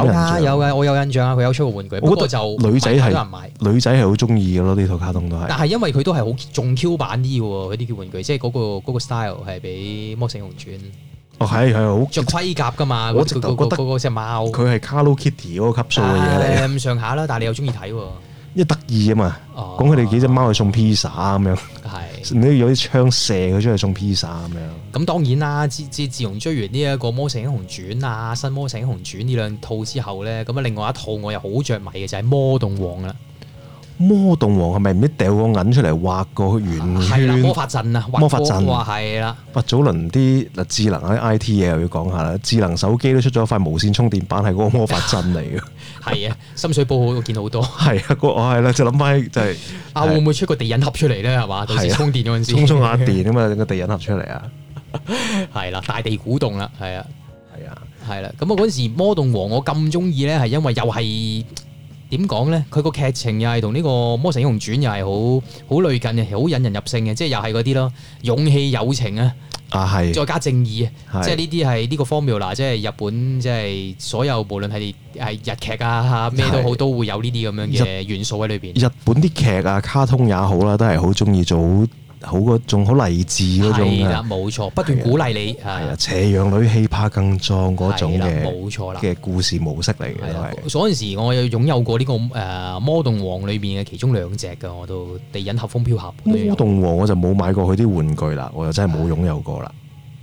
有有噶，我有印象啊。佢有出過玩具，我覺得就女仔係女仔係好中意嘅咯。呢套卡通都係，但係因為佢都係好重 Q 版啲喎，嗰啲叫玩具，即係嗰個嗰個 style。係比魔神英雄傳哦，係係好着盔甲噶嘛，我直覺得嗰個隻貓佢係 Kawaii 嗰個級數嘅嘢嚟，咁上下啦，但係你又中意睇，一得意啊嘛，講佢哋幾隻貓去送披薩咁樣，係的，你有啲槍射佢出去送披薩咁樣，咁當然啦，自自從追完呢一個魔神英雄傳啊，新魔神英雄傳呢兩套之後咧，咁啊另外一套我又好着迷嘅就係魔動王啦。魔動王係咪唔知掉個銀出嚟畫個圓圈？魔法陣啊！過魔法陣話係啦。哇了！早輪啲嗱智能啲 I T 嘢又要講下啦。智能手機都出咗塊無線充電板，係嗰個魔法陣嚟嘅。係啊， 深水埗好我見好多。係啊， 個係啦，就諗翻就係、係、 啊，會唔會出個地引盒出嚟咧？係嘛，到時的充電嗰陣時充充下電啊嘛，整個地引盒出嚟啊。係啦，大地鼓動啦，係啊，係啊， 係啦。咁我嗰陣時魔動王我咁中意咧，係因為又係。點講咧？佢個劇情又係同呢個《魔神英雄傳》又係好好類近嘅，好引人入勝嘅，即係又係嗰啲咯，勇氣、友情啊，啊係，再加正義，係，即係呢啲係呢個 formula，即係日本即係所有無論係係日劇啊咩都好，都會有呢啲咁樣嘅元素喺裏邊。日本啲劇啊，卡通也好啦，都係好鍾意做。好個仲好勵志嗰種係啦，冇錯，不斷鼓勵你。係啊，斜陽女氣怕更壯嗰種嘅，冇錯啦嘅故事模式嚟嘅。係嗰陣時我有擁有過呢、這個誒、呃《魔動王》裏邊嘅其中兩隻嘅，我都地忍合風飄俠。魔動王我就冇買過佢啲玩具啦，我又真係冇擁有過啦。的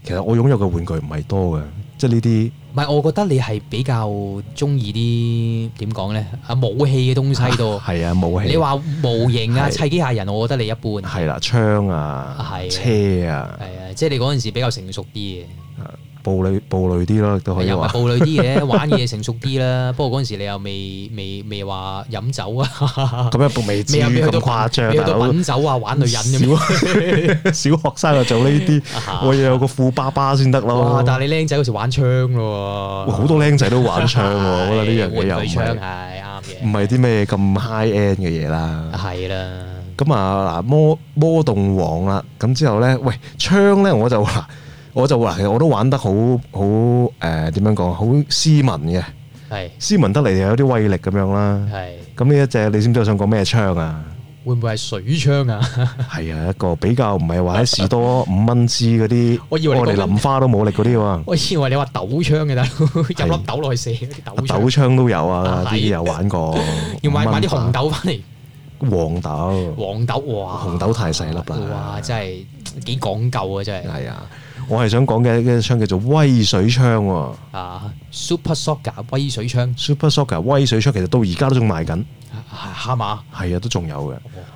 其實我擁有嘅玩具唔係多嘅，即係呢啲。唔係，我覺得你係比較中意啲點講咧？啊，武器嘅東西都，係啊，啊，武器。你話模型啊、砌機械人，我覺得你一般。係啦，啊，槍啊，啊車啊。係啊，即係你嗰陣時比較成熟啲嘅。暴露暴露啲啦，都可以話暴露啲嘢玩嘢，成熟啲啦。不過嗰陣時你又未未未話飲酒啊，咁樣未至於咁誇張啊，品酒啊，玩女人咁啊，小學生就做呢啲，我要有個富爸爸先得咯。但係你僆仔嗰時玩槍咯，好多僆仔都玩槍，我覺得呢樣嘢又係啱嘅，唔係啲咩咁 high end 嘅嘢啦。係啦，咁啊嗱魔魔動王啦，咁之後咧，喂，槍咧我就話。我就話其實我都玩得好好誒，點樣講？好斯文嘅，係斯文得嚟又有啲威力咁樣啦。係咁呢一隻，你知唔知我想講咩槍啊？會唔會係水槍啊？係啊，一個比較唔係話喺士多五蚊支嗰啲，我哋淋花都冇力嗰啲喎。我以為話你話豆槍嘅啦，入粒豆落去射嗰啲豆槍都有啊，呢啲有玩過。要買買啲紅豆翻嚟，黃豆黃豆哇，紅豆太細粒啦。哇，真係幾講究呀，真係。係啊。我係想講嘅一隻槍叫做威水槍喎，啊，Super Soaker 威水槍，Super Soaker 威水槍，其實到而家都仲賣緊，係嘛？係啊，都仲有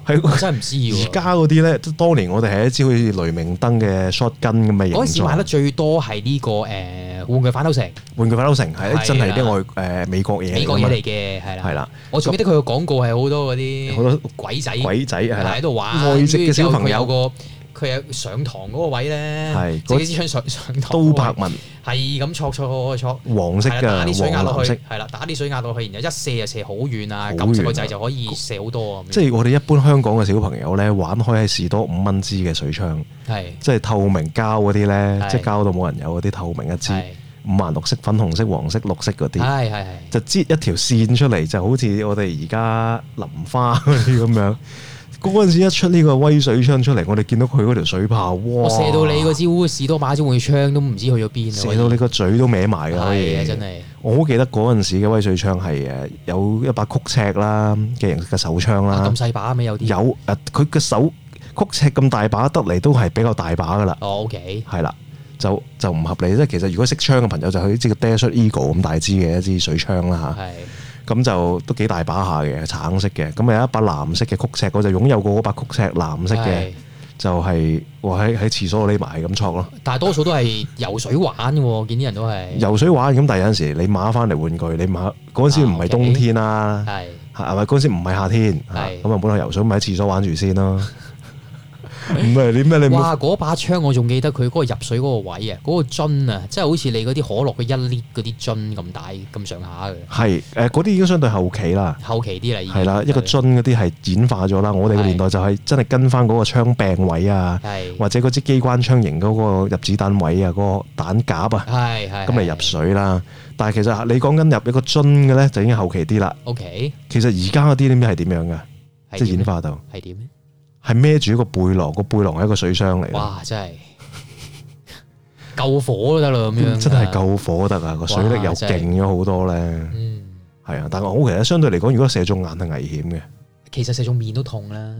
嘅。係真係唔知而家嗰啲咧，當年我哋係一支好似雷明燈嘅 shotgun 咁嘅嘢。嗰陣時賣得最多係呢個誒玩具反斗城，玩具反斗城係真係啲外誒美國嘢，美國嘢嚟嘅，係啦，係啦，我仲記得佢嘅廣告係好多嗰啲好多鬼仔鬼仔係啦喺度玩，外籍嘅小朋友有個。佢有上堂嗰個位咧，自己支槍上上堂，都柏文係咁戳戳戳戳，黃色㗎，打啲水壓落去，係啦，打啲水壓落去，然後一射就射好遠啊，撳成個掣就可以射好多啊！即係我哋一般香港嘅小朋友咧，玩開係士多五蚊支嘅水槍，係是即係透明膠嗰啲咧，是即係膠到冇人有嗰啲透明一支，五顏六色、粉紅色、黃色、綠色嗰啲，就擠一條線出嚟，就好似我哋而家淋花啲咁樣。 嗰陣時一出呢個威水槍出嚟，我哋見到佢嗰條水炮，我射到你嗰支士多把支玩具槍都唔知去咗邊，射到你個嘴都歪埋㗎，係真係，我好記得嗰陣時嘅威水槍係誒有一把曲尺啦嘅形式嘅手槍啦，咁細把咪有？有佢嘅手曲尺咁大把得嚟都係比較大把噶啦。哦、oh，OK，係啦，就就唔合理。即其實如果識槍嘅朋友就係一支嘅 Desert Eagle 咁大支嘅一支水槍啦嚇。咁就都幾大把下嘅，橙色嘅。咁啊有一把藍色嘅曲尺，我就擁有過嗰把曲尺藍色嘅，就係我喺喺廁所裏埋係咁坐咯。但係多數都係游水玩嘅，見啲人都係游水玩。咁但係有陣時你買翻嚟玩具，你買嗰陣時唔係冬天啦，係係咪？嗰陣時唔係夏天，咁啊本來游水咪喺廁所玩住先咯。唔係你咩？你哇，嗰把槍我仲記得佢嗰個入水嗰、嗰個位啊，嗰個樽啊，即係好似你嗰啲可樂嘅一粒嗰啲樽咁大咁上下嘅。係誒，嗰啲已經相對後期啦，後期啲啦。係啦的，一個樽嗰啲係演化咗啦。的我哋個年代就係真係跟翻嗰個槍柄位啊，的或者嗰支機關槍型嗰個入子彈位啊，嗰、嗰個彈夾啊，咁嚟的入水啦。的但係其實你講緊入一個樽嘅咧，就已經後期啲啦。OK，其實而家嗰啲點樣係點樣噶？即係演化到係點咧？係孭住一個背囊，個背囊係一個水箱嚟嘅。哇！真係夠火都得啦，咁樣真係夠火都得啊！個水力又勁咗好多咧。嗯，係啊。但係我其實相對嚟講，如果射中眼係危險嘅。其實射中面都痛啦，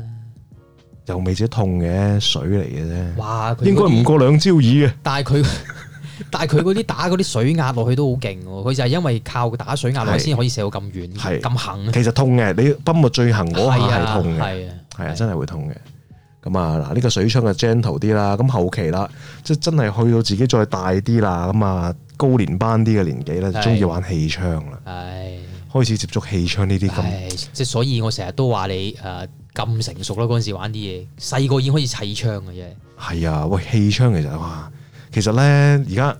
又未止痛嘅水嚟嘅啫。哇！應該唔過兩招耳嘅。但係佢，但係佢嗰啲打嗰啲水壓落去都好勁，佢就係因為靠打水壓落去先可以射到咁遠，係咁行。其實痛嘅，你泵木最行嗰下係痛嘅。係啊，真係會痛嘅。咁啊，嗱，呢個水槍就 gentle 啲啦。咁後期啦，即係真係去到自己再大啲啦，咁啊高年班啲嘅年紀咧，就中意玩氣槍啦。係的開始接觸氣槍呢啲咁，即係的麼所以我成日都話你誒咁、呃、成熟啦。嗰陣時玩啲嘢，細個已經開始砌槍嘅啫。係啊，喂，氣槍其實哇，其實咧而家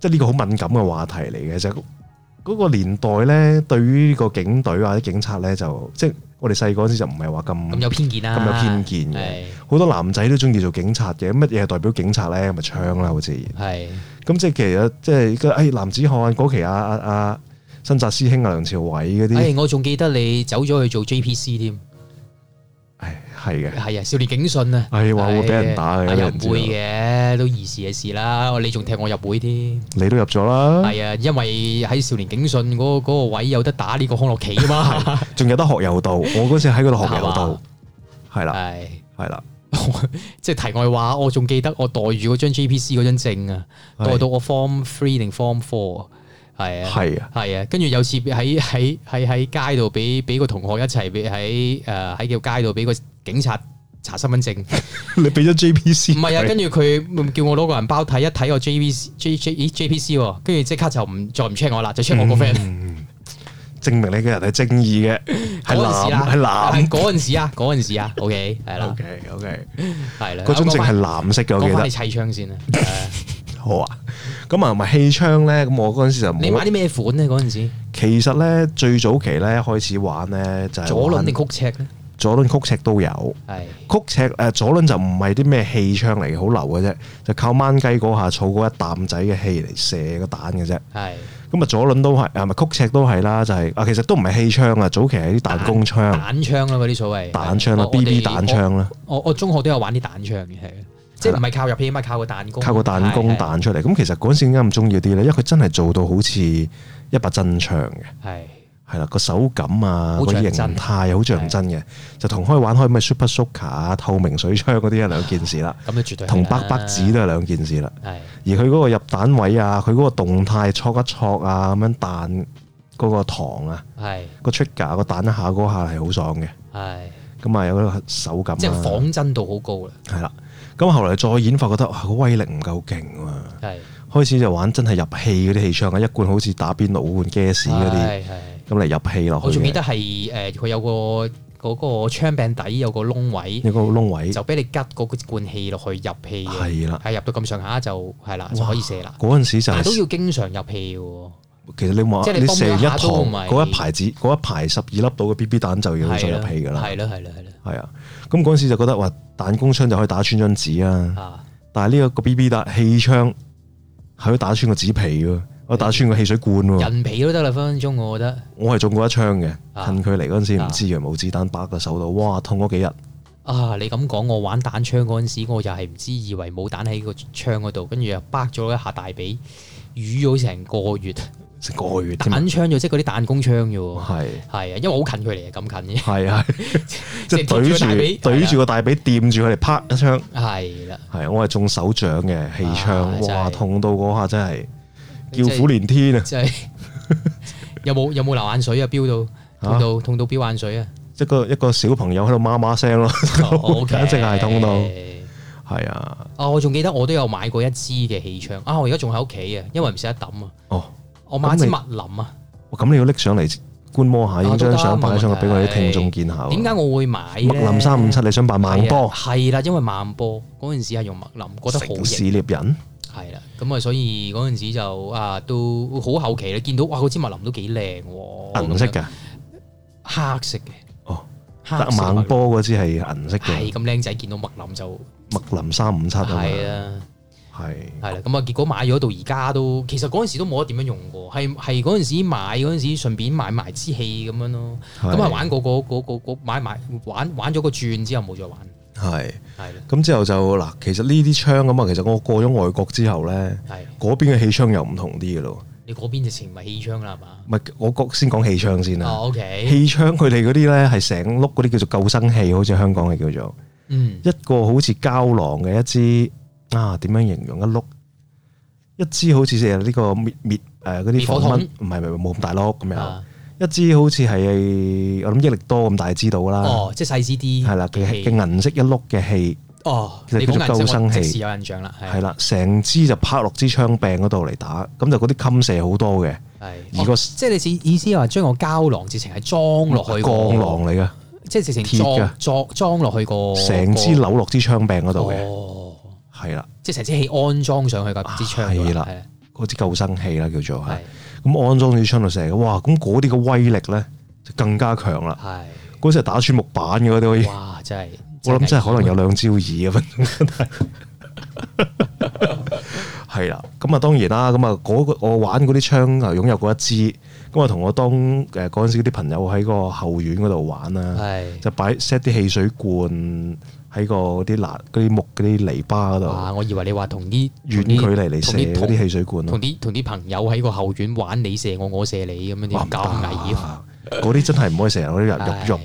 即係呢個好敏感嘅話題嚟嘅，就嗰、是、個年代咧，對於呢個警隊或者警察咧，就即係。我哋細個嗰時就唔係話咁咁有偏見啦，啊，咁有偏見嘅好是的 多男仔都中意做警察嘅，乜嘢係代表警察咧？咪槍啦，好似係咁，即係其實即係誒，男子漢嗰期啊，啊，啊，新紮師兄啊，梁朝偉嗰啲，誒，我仲記得你走咗去做 JPC 添。係嘅，係啊！的少年警訊啊，係話會俾人打嘅，唔的會嘅都兒時嘅事啦。你仲踢我入會添，你都入咗啦。係啊，因為喺少年警訊嗰嗰個位有得打呢個康樂棋啊嘛，仲 有得學柔道。我嗰時喺嗰度學柔道，係啦的，係啦。即係 題外話，我仲記得我袋住嗰張 JPC 嗰張證啊，袋到我 Form Three 定 Form Four。係啊，係啊，係啊，跟住有次喺喺喺喺街度俾俾個同學一齊喺誒喺條街度俾個警察查身份證，你俾咗 JPC？唔係啊，跟住佢叫我攞個人包睇，一睇個 JPC，JPC，跟住即刻就唔再唔 check 我啦，就 check 我個 friend，證明你個人係正義嘅，係藍，係藍，嗰陣時啊，嗰陣時啊，OK，係啦，OK，OK，係啦，嗰種證係藍色嘅，我記得砌槍先啊。好啊！咁啊，係咪氣槍咧？咁我嗰陣時就冇。你買啲咩款咧？嗰陣時其實咧最早期咧開始玩咧就係左輪定曲尺咧？左輪曲尺都有，係曲尺誒，左輪就唔係啲咩氣槍嚟嘅，好流嘅啫，就靠掹雞嗰下儲嗰一啖仔嘅氣嚟射個彈嘅啫。係咁啊，左輪都係，係咪曲尺都係啦？就係啊，其實都唔係氣槍啊，早期係啲彈弓槍、彈槍啊，嗰啲所謂彈槍啊 BB 彈槍啦。我我中學都有玩啲彈槍嘅，係。即係唔係靠入片，係靠個彈弓。靠個彈弓彈出嚟。咁其實嗰陣時點解咁中意啲咧？因為佢真係做到好似一把真槍嘅。係係啦，個手感啊，個形態好像真嘅，就同開玩開咩 Super Soaker 透明水槍嗰啲係兩件事啦。咁啊，絕對同拍拍子都係兩件事啦。而佢嗰個入彈位啊，佢嗰個動態挫一挫啊，咁樣彈嗰個糖啊，係個 trigger 個彈一下嗰下係好爽嘅。係咁啊，有嗰個手感，即係仿真度好高啦。係啦。咁後嚟再演發覺得個威力唔夠勁喎，啊，係開始就玩真係入氣嗰啲氣槍啊，一罐好似打邊爐嗰罐 gas 嗰啲，咁嚟係入氣咯。我仲記得係誒，佢、呃、有個嗰、嗰個槍柄底有個窿位，有個窿位就俾你吉嗰罐氣落去入氣，係啦的，係、啊、入到咁上下就係啦，就可以射啦。嗰陣時就係、但都要經常入氣喎。其實你話，你射一堂嗰一排子，嗰一排十二粒到嘅 B B 彈就要再入氣噶啦。係咯係咯係咯。係啊，咁嗰時就覺得話彈弓槍就可以打穿張紙啊。但係呢個個 B B 彈氣槍係可以打穿個紙皮嘅，打穿個汽水罐。人皮都得啦，分分鐘我覺得。我係中過一槍嘅，啊、近距離嗰陣時唔知以為冇子彈，巴個手度，哇痛咗幾日。啊，你咁講，我玩彈槍嗰陣時，我又係唔知，以為冇彈喺個槍嗰度，跟住又巴咗一下大髀，瘀咗成個月。彈槍就即係嗰啲彈弓槍嘅，係係啊，因為我好近佢嚟啊，咁近嘅，係係即係懟住懟住個大髀，掂住佢哋啪一槍，係啦，係我係中手掌嘅氣槍，哇痛到嗰下真係叫苦連天啊！即係有冇有冇流眼水啊？飆到到痛到飆眼水啊！一個一個小朋友喺度媽媽聲咯，簡直係痛到係啊！啊，我仲記得我都有買過一支嘅氣槍啊！我而家仲喺屋企啊，因為唔捨得抌啊！哦。我買支麥林啊！哇、哦，咁你要拎上嚟觀摩下，影張相擺上嚟俾我啲聽眾見下。點解、啊、我會買？麥林三五七，你想扮孟波？係啦、啊啊，因為孟波嗰陣時係用麥林，覺得好型。城市獵人係啦，咁啊，所以嗰陣時就啊，都好後期你見到哇，嗰支麥林都幾靚，銀色嘅，黑色嘅，哦，得孟波嗰支係銀色嘅，係咁靚仔，見到麥林就麥林三五七啊，係啊。係係啦，咁啊，結果買咗到而家都，其實嗰陣時都冇得點樣用過。係係嗰陣時買嗰陣時順便買埋支氣咁樣咯，咁啊的玩過個個嗰買埋玩玩咗個轉之後冇再玩。係係咁之後就嗱，其實呢啲槍咁啊，其實我過咗外國之後咧，係嗰的邊嘅氣槍又唔同啲嘅咯。你嗰邊就成為氣槍啦，係嘛？唔係，我先講氣槍先啦。哦，okay。氣槍佢哋嗰啲咧係成碌嗰啲叫做救生器，好似香港係叫做，嗯，一個好似膠囊嘅一支。啊，點樣形容一碌？一支好似就係呢個滅滅誒嗰啲火筒，唔係唔冇咁大碌咁樣。啊、一支好似係我諗益力多咁大支到啦。哦，即係細支啲係啦。佢嘅銀色一碌嘅氣哦，佢嗰個救生氣有印象啦。係啦，成支就拍落支槍柄嗰度嚟打，咁就嗰啲襟射好多嘅。的而個、哦、即係你意意思話將個膠囊直情係裝落去鋼囊嚟嘅，即係直情裝裝裝落去，個成支扭落支槍柄嗰度嘅。哦係啦，即係成支器安裝上去嗰支槍啦，嗰、啊、了支救生器啦叫做係。咁是、嗯、安裝啲槍度射，哇！咁嗰啲嘅威力咧，就更加強啦。係嗰是時打穿木板嘅嗰啲可以。哇！真係，我諗真係可能有兩招耳咁樣。係啦，咁啊，當然啦，咁、那、啊、個，我玩嗰啲槍啊，擁有嗰一支，咁啊，同我當誒嗰陣時啲朋友喺個後院嗰度玩啦，是就擺 set 啲汽水罐。喺個啲爛、嗰啲木、嗰啲泥巴度。哇！我以為你話同啲遠距離嚟射嗰啲汽水罐咯。同啲同啲朋友喺個後院玩，你射我，我射你咁樣啲。哇！咁危險。嗰啲、啊啊、真係唔可以成日嗰啲人入肉，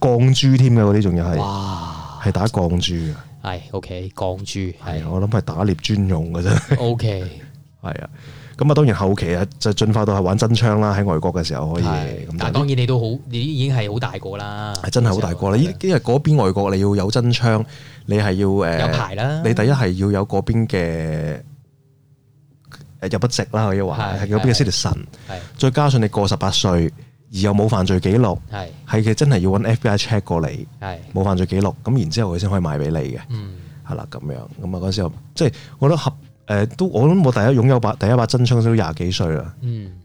鋼唉珠添嘅嗰啲仲要係。哇！係打鋼珠嘅。係 OK，鋼珠。係我諗係打獵專用嘅啫。OK。係啊。咁啊，當然後期啊，就進化到係玩真槍啦。喺外國嘅時候可以，但係當然你都好，已經係好大個啦。係真係好大個啦，因為嗰邊外國你要有真槍，你係要誒有牌啦。你第一係要有嗰邊嘅誒入籍啦，可以話係嗰邊嘅 citizen，再加上你過十八歲，而又冇犯罪記錄，係佢的的真係要揾 FBI check 過嚟，冇的犯罪記錄，咁然後之後佢先可以賣俾你嘅。嗯，係啦，咁樣咁啊，嗰時候即係我覺得合。誒，都我諗我第一擁有第一把第一把真槍都廿幾歲啦，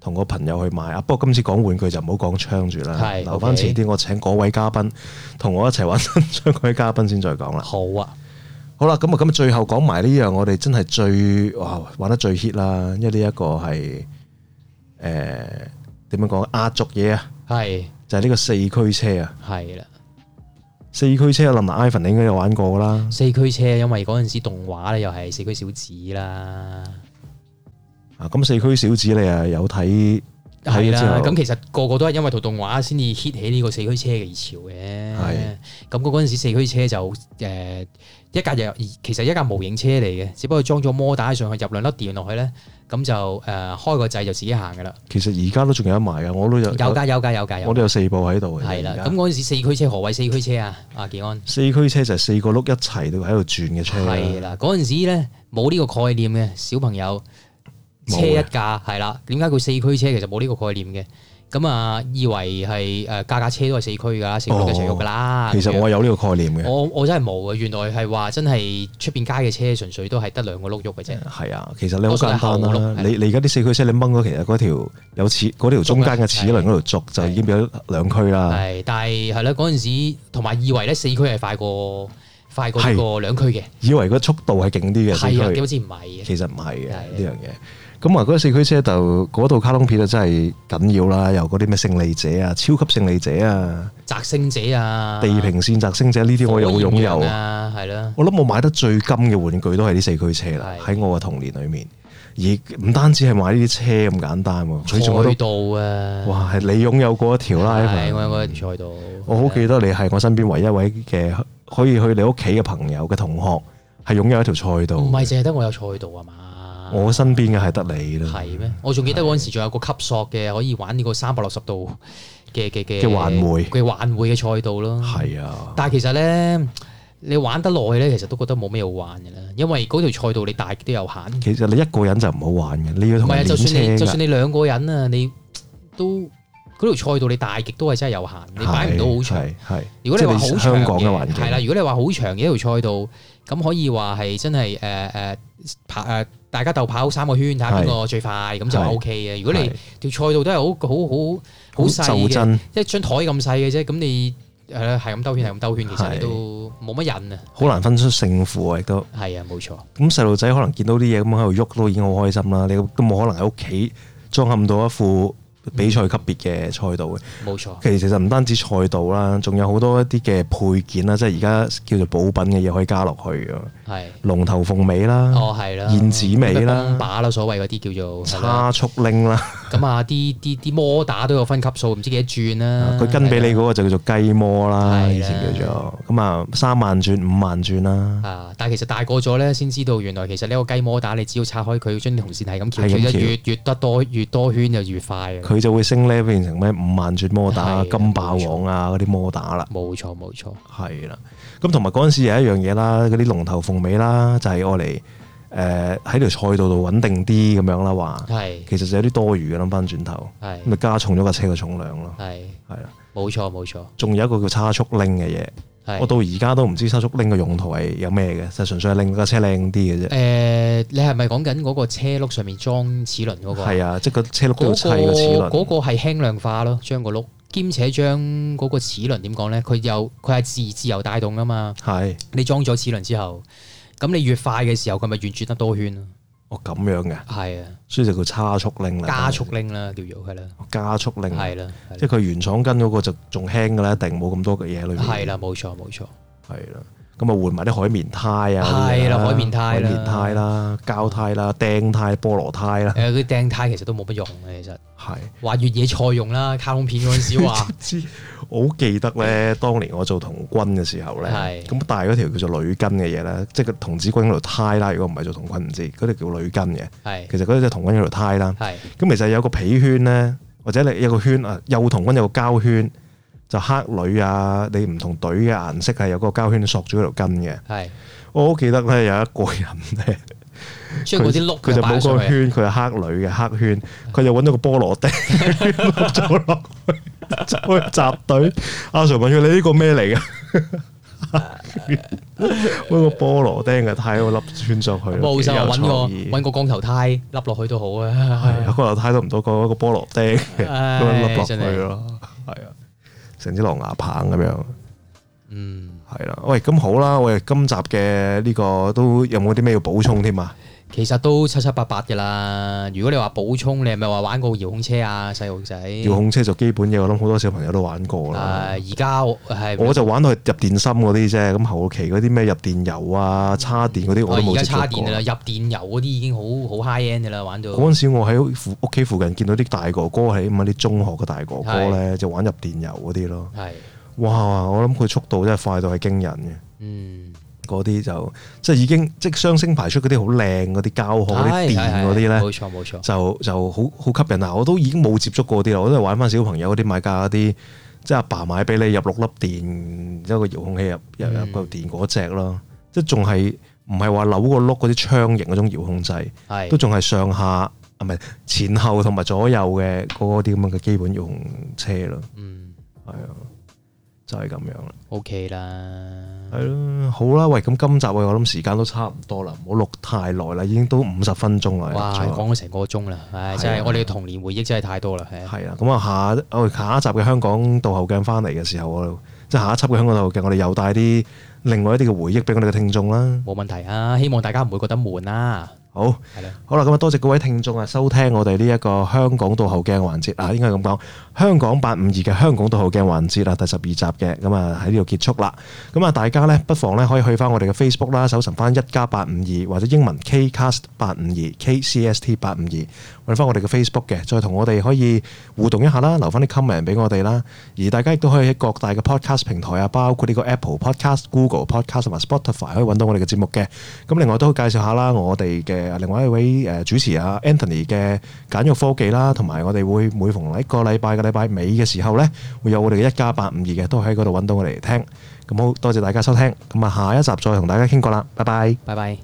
同個、嗯、朋友去買啊。不過今次講玩具就唔好講槍住啦，okay, 留翻遲啲我請嗰位嘉賓同我一齊玩真槍嗰位嘉賓先再講啦。好啊，好啦，咁啊，咁最後講埋呢樣，我哋真係最哇玩得最 hit 啦，因為呢一個係誒點樣講壓軸嘢啊，係是就係呢個四驅車啊，係啦。四驅車林林 Ivan 應該有玩過噶啦。四驅車因為嗰陣時動畫咧又係四驅小子啦，啊咁四驅小子你又有的啊有睇，係啦，咁其實個個都係因為套動畫先至 hit 起呢個四驅車嘅熱潮嘅。係，咁嗰嗰陣時四驅車就誒一架又其實一架模型車嚟嘅，只不過裝咗摩打上去，入兩粒電落去咧，咁就誒、呃、開個掣就自己行嘅啦。其實而家都仲有得賣嘅，我都有有架有架有架，我都有四部喺度。係啦的，咁嗰陣時四驅車何謂四驅車啊？阿技安，四驅車就係四個轆一齊都喺度轉嘅車啊。係啦，嗰陣時咧冇呢個概念嘅小朋友車一架係啦，點解叫四驅車其實冇呢個概念嘅？咁啊，以為係誒架架車都係四驅噶，四碌嘅四碌噶啦。其實我有呢個概念嘅。我我真係冇嘅，原來係話真係出邊街嘅車，純粹都係得兩個碌喐嘅啫。係啊，其實你好簡單啦。你你而家啲四驅車，你掹咗其實嗰條有齒嗰條中間嘅齒輪嗰條軸，就已經變咗兩驅啦。係，但係係啦，嗰陣時同埋以為咧四驅係快過快過個兩驅嘅。以為個速度係勁啲嘅，四區好似唔係嘅。其實唔係嘅呢樣嘢。咁啊！嗰四驅車就嗰套卡通片啊，真係緊要啦！又嗰啲咩勝利者啊、超級勝利者啊、摘星者啊、地平線摘星者呢啲，我有擁有啊，係咯！我諗我買得最金嘅玩具都係啲四驅車啦，喺我嘅童年裏面，而唔單止係買呢啲車咁簡單，佢仲有賽道啊！哇，係你擁有過一條啦，係我擁有一條賽道。我好記得你係我身邊唯一位嘅可以去你屋企嘅朋友嘅同學，係擁有一條賽道。唔係淨係得我有賽道啊嘛？我身邊嘅係得你咯。係咩？我仲記得嗰陣時仲有個級索嘅，可以玩呢個三百六十度嘅嘅嘅環迴嘅環迴嘅賽道咯。係啊，但係其實咧，你玩得耐咧，其實都覺得冇咩好玩嘅啦。因為嗰條賽道你大極都有限。其實你一個人就唔好玩嘅，你要同唔係啊，就算你就算你兩個人啊，你都嗰條賽道你大極都係真係有限，是你擺唔到好長。如果你話好長嘅，係啦。如果你話好長嘅一條賽道。咁可以話係真係誒、誒，跑，誒大家鬥跑三個圈，睇下邊個最快咁是就 O K 嘅。如果你是條賽道都係好好好好細嘅，就真，一張台咁細嘅啫，咁你係咁兜圈係咁兜圈，其實你都冇乜癮啊！好是對難分出勝負啊，亦都係啊，冇錯。咁細路仔可能見到啲嘢咁喺度喐都已經好開心啦。你都冇可能喺屋企裝冚到一副。嗯、比賽級別嘅賽道冇錯。其實就唔單止賽道啦，仲有好多一啲嘅配件啦，即係而家叫做補品嘅嘢可以加落去嘅。係的龍頭鳳尾啦，燕子尾啦，把啦所謂嗰啲叫做差速拎啦。咁啊，啲摩打都有分級數，唔知幾多轉啦、啊。佢、啊、跟俾你嗰個就叫做雞摩啦，的以前叫做咁的啊，三萬轉五萬轉啦、啊啊。但係其實大個咗咧，先知道原來其實呢個雞摩打你只要拆開佢，將啲紅線係咁，其實越越得多越多，越多圈就越快，越快佢就會升咧，變成咩五萬轉摩打、的金霸王啊嗰啲摩打啦。冇錯冇錯，係啦。咁同埋嗰陣時有一樣嘢啦，嗰啲龍頭鳳尾啦，就係我嚟誒喺條賽道度穩定啲咁樣啦。話係的，其實就有啲多餘嘅諗翻轉頭，咪的加重咗架車嘅重量咯？係係啦，冇錯冇錯。仲錯錯有一個叫差速拎嘅嘢。我到而家都唔知收縮拎嘅用途係有咩嘅，就純粹係令架車靚啲嘅啫。誒、呃，你係咪講緊嗰個車轆上面裝齒輪嗰個？係啊，即係、個車轆嗰度砌個齒輪。嗰個係輕量化咯，將個轆兼且將嗰個齒輪點講咧？佢又佢係自自由帶動啊嘛。係。你裝咗齒輪之後，咁你越快嘅時候，佢咪越轉得多圈咯？哦咁樣嘅，係啊，所以就叫差速令啦，加速令啦，叫做係啦，加速令係啦，即係佢原廠跟嗰個就仲輕嘅啦，一定冇咁多嘅嘢裏邊，係啦，冇錯冇錯，係啦，咁啊換埋啲海綿胎啊，係啦海綿胎啦，海綿胎啦，膠胎啦，釘胎、菠蘿胎啦，誒，嗰啲釘胎其實都冇乜用嘅，其實係話越野賽用啦，卡通片嗰陣時話。我好記得咧，當年我做童軍嘅時候咧，咁戴嗰條叫做女巾嘅嘢咧，即係個童子軍嗰條 tie 啦。如果唔係做童軍唔知，嗰條叫女巾嘅。係的其實嗰啲就係童軍嗰條 tie 啦。係咁的其實有個皮圈咧，或者你有個圈啊，幼童軍有個膠圈，就黑女啊，你唔同隊嘅顏色係有個膠圈索住嗰條巾嘅。係的我好記得咧，有一個人咧。的 佢就冇個圈，佢係黑女嘅黑圈，佢就揾到個菠蘿釘落落去，集隊。阿 Sir 問佢：你呢個咩嚟噶？嗰個菠蘿釘嘅，太個粒穿上去。冇事，揾個光頭胎粒落去都好嘅。一個頭胎都唔到過一個菠蘿釘，咁粒落去咯。係啊，成支狼牙棒咁樣。嗯。係啦，喂，咁好啦，喂，今集嘅呢、這個都有冇啲咩要補充添啊？其實都七七八八噶啦。如果你話補充，你係咪話玩過遙控車啊？細路仔遙控車就基本嘅，我諗好多小朋友都玩過啦。而家、啊、我，我就玩到入電心嗰啲啫。咁後期嗰啲咩入電油啊、叉電嗰啲，我都冇叉、啊、電噶啦。入電油嗰啲已經好好 high end 噶啦，玩到嗰陣時我喺屋屋企附近見到啲大哥哥喺咪啲中學嘅大哥哥咧的就玩入電油嗰啲咯。哇！我諗佢速度真係快到係驚人嘅。嗯，嗰啲就即係已經即係雙星排出嗰啲好靚嗰啲膠殼、啲是電嗰啲咧，冇錯冇錯，就就好好吸引啊！我都已經冇接觸過啲啦，我都係玩翻小朋友嗰啲買架嗰啲，即係阿爸，爸買俾你入六粒電，然之後個遙控器入入入部電嗰隻咯，即仲係唔係話扭個碌嗰啲槍型嗰種遙控掣，都仲係上下啊唔係前後同埋左右嘅嗰啲咁嘅基本用車咯。係啊。就係咁樣啦，OK 啦了，係咯，好啦，喂，咁今集啊，我諗時間都差唔多啦，唔好錄太耐啦，已經都五十分鐘啦，哇，講咗成個鐘啦，唉的、哎，真係我哋嘅童年回憶真係太多啦，係啊，係啊，咁啊下我哋下一集嘅香港倒後鏡翻嚟嘅時候，我即係下一輯嘅香港倒後鏡，我哋又帶啲另外一啲嘅回憶俾我哋嘅聽眾啦，冇問題啊，希望大家唔會覺得悶啦、啊。好係啦，好啦，咁啊多謝各位聽眾啊收聽我哋呢一個香港倒後鏡環節啊，應該咁講，香港八五二嘅香港倒後鏡環節啦，第十二集嘅，咁啊喺呢度結束啦。咁、嗯、啊大家呢，不妨咧可以去翻我哋嘅 Facebook 啦，搜尋翻一家八五二或者英文 Kcast 八五二 K C S T 八五二，揾翻我哋嘅 Facebook 嘅，再同我哋可以互動一下啦，留翻啲 comment 俾我哋啦。而大家亦都可以喺各大嘅 podcast 平台啊，包括呢個 Apple Podcast、Google Podcast 同埋 Spotify，可以揾到我哋嘅節目嘅。咁、嗯、另外都介紹下啦，我哋嘅。誒另外一位誒主持啊，Anthony 嘅簡約科技啦，同埋我哋會每逢一個禮拜嘅禮拜尾嘅時候呢，會有我哋嘅一家八五二嘅，都喺嗰度揾到我哋嚟聽。咁好，多謝大家收聽。咁啊下一集再同大家傾過啦。拜拜，拜拜。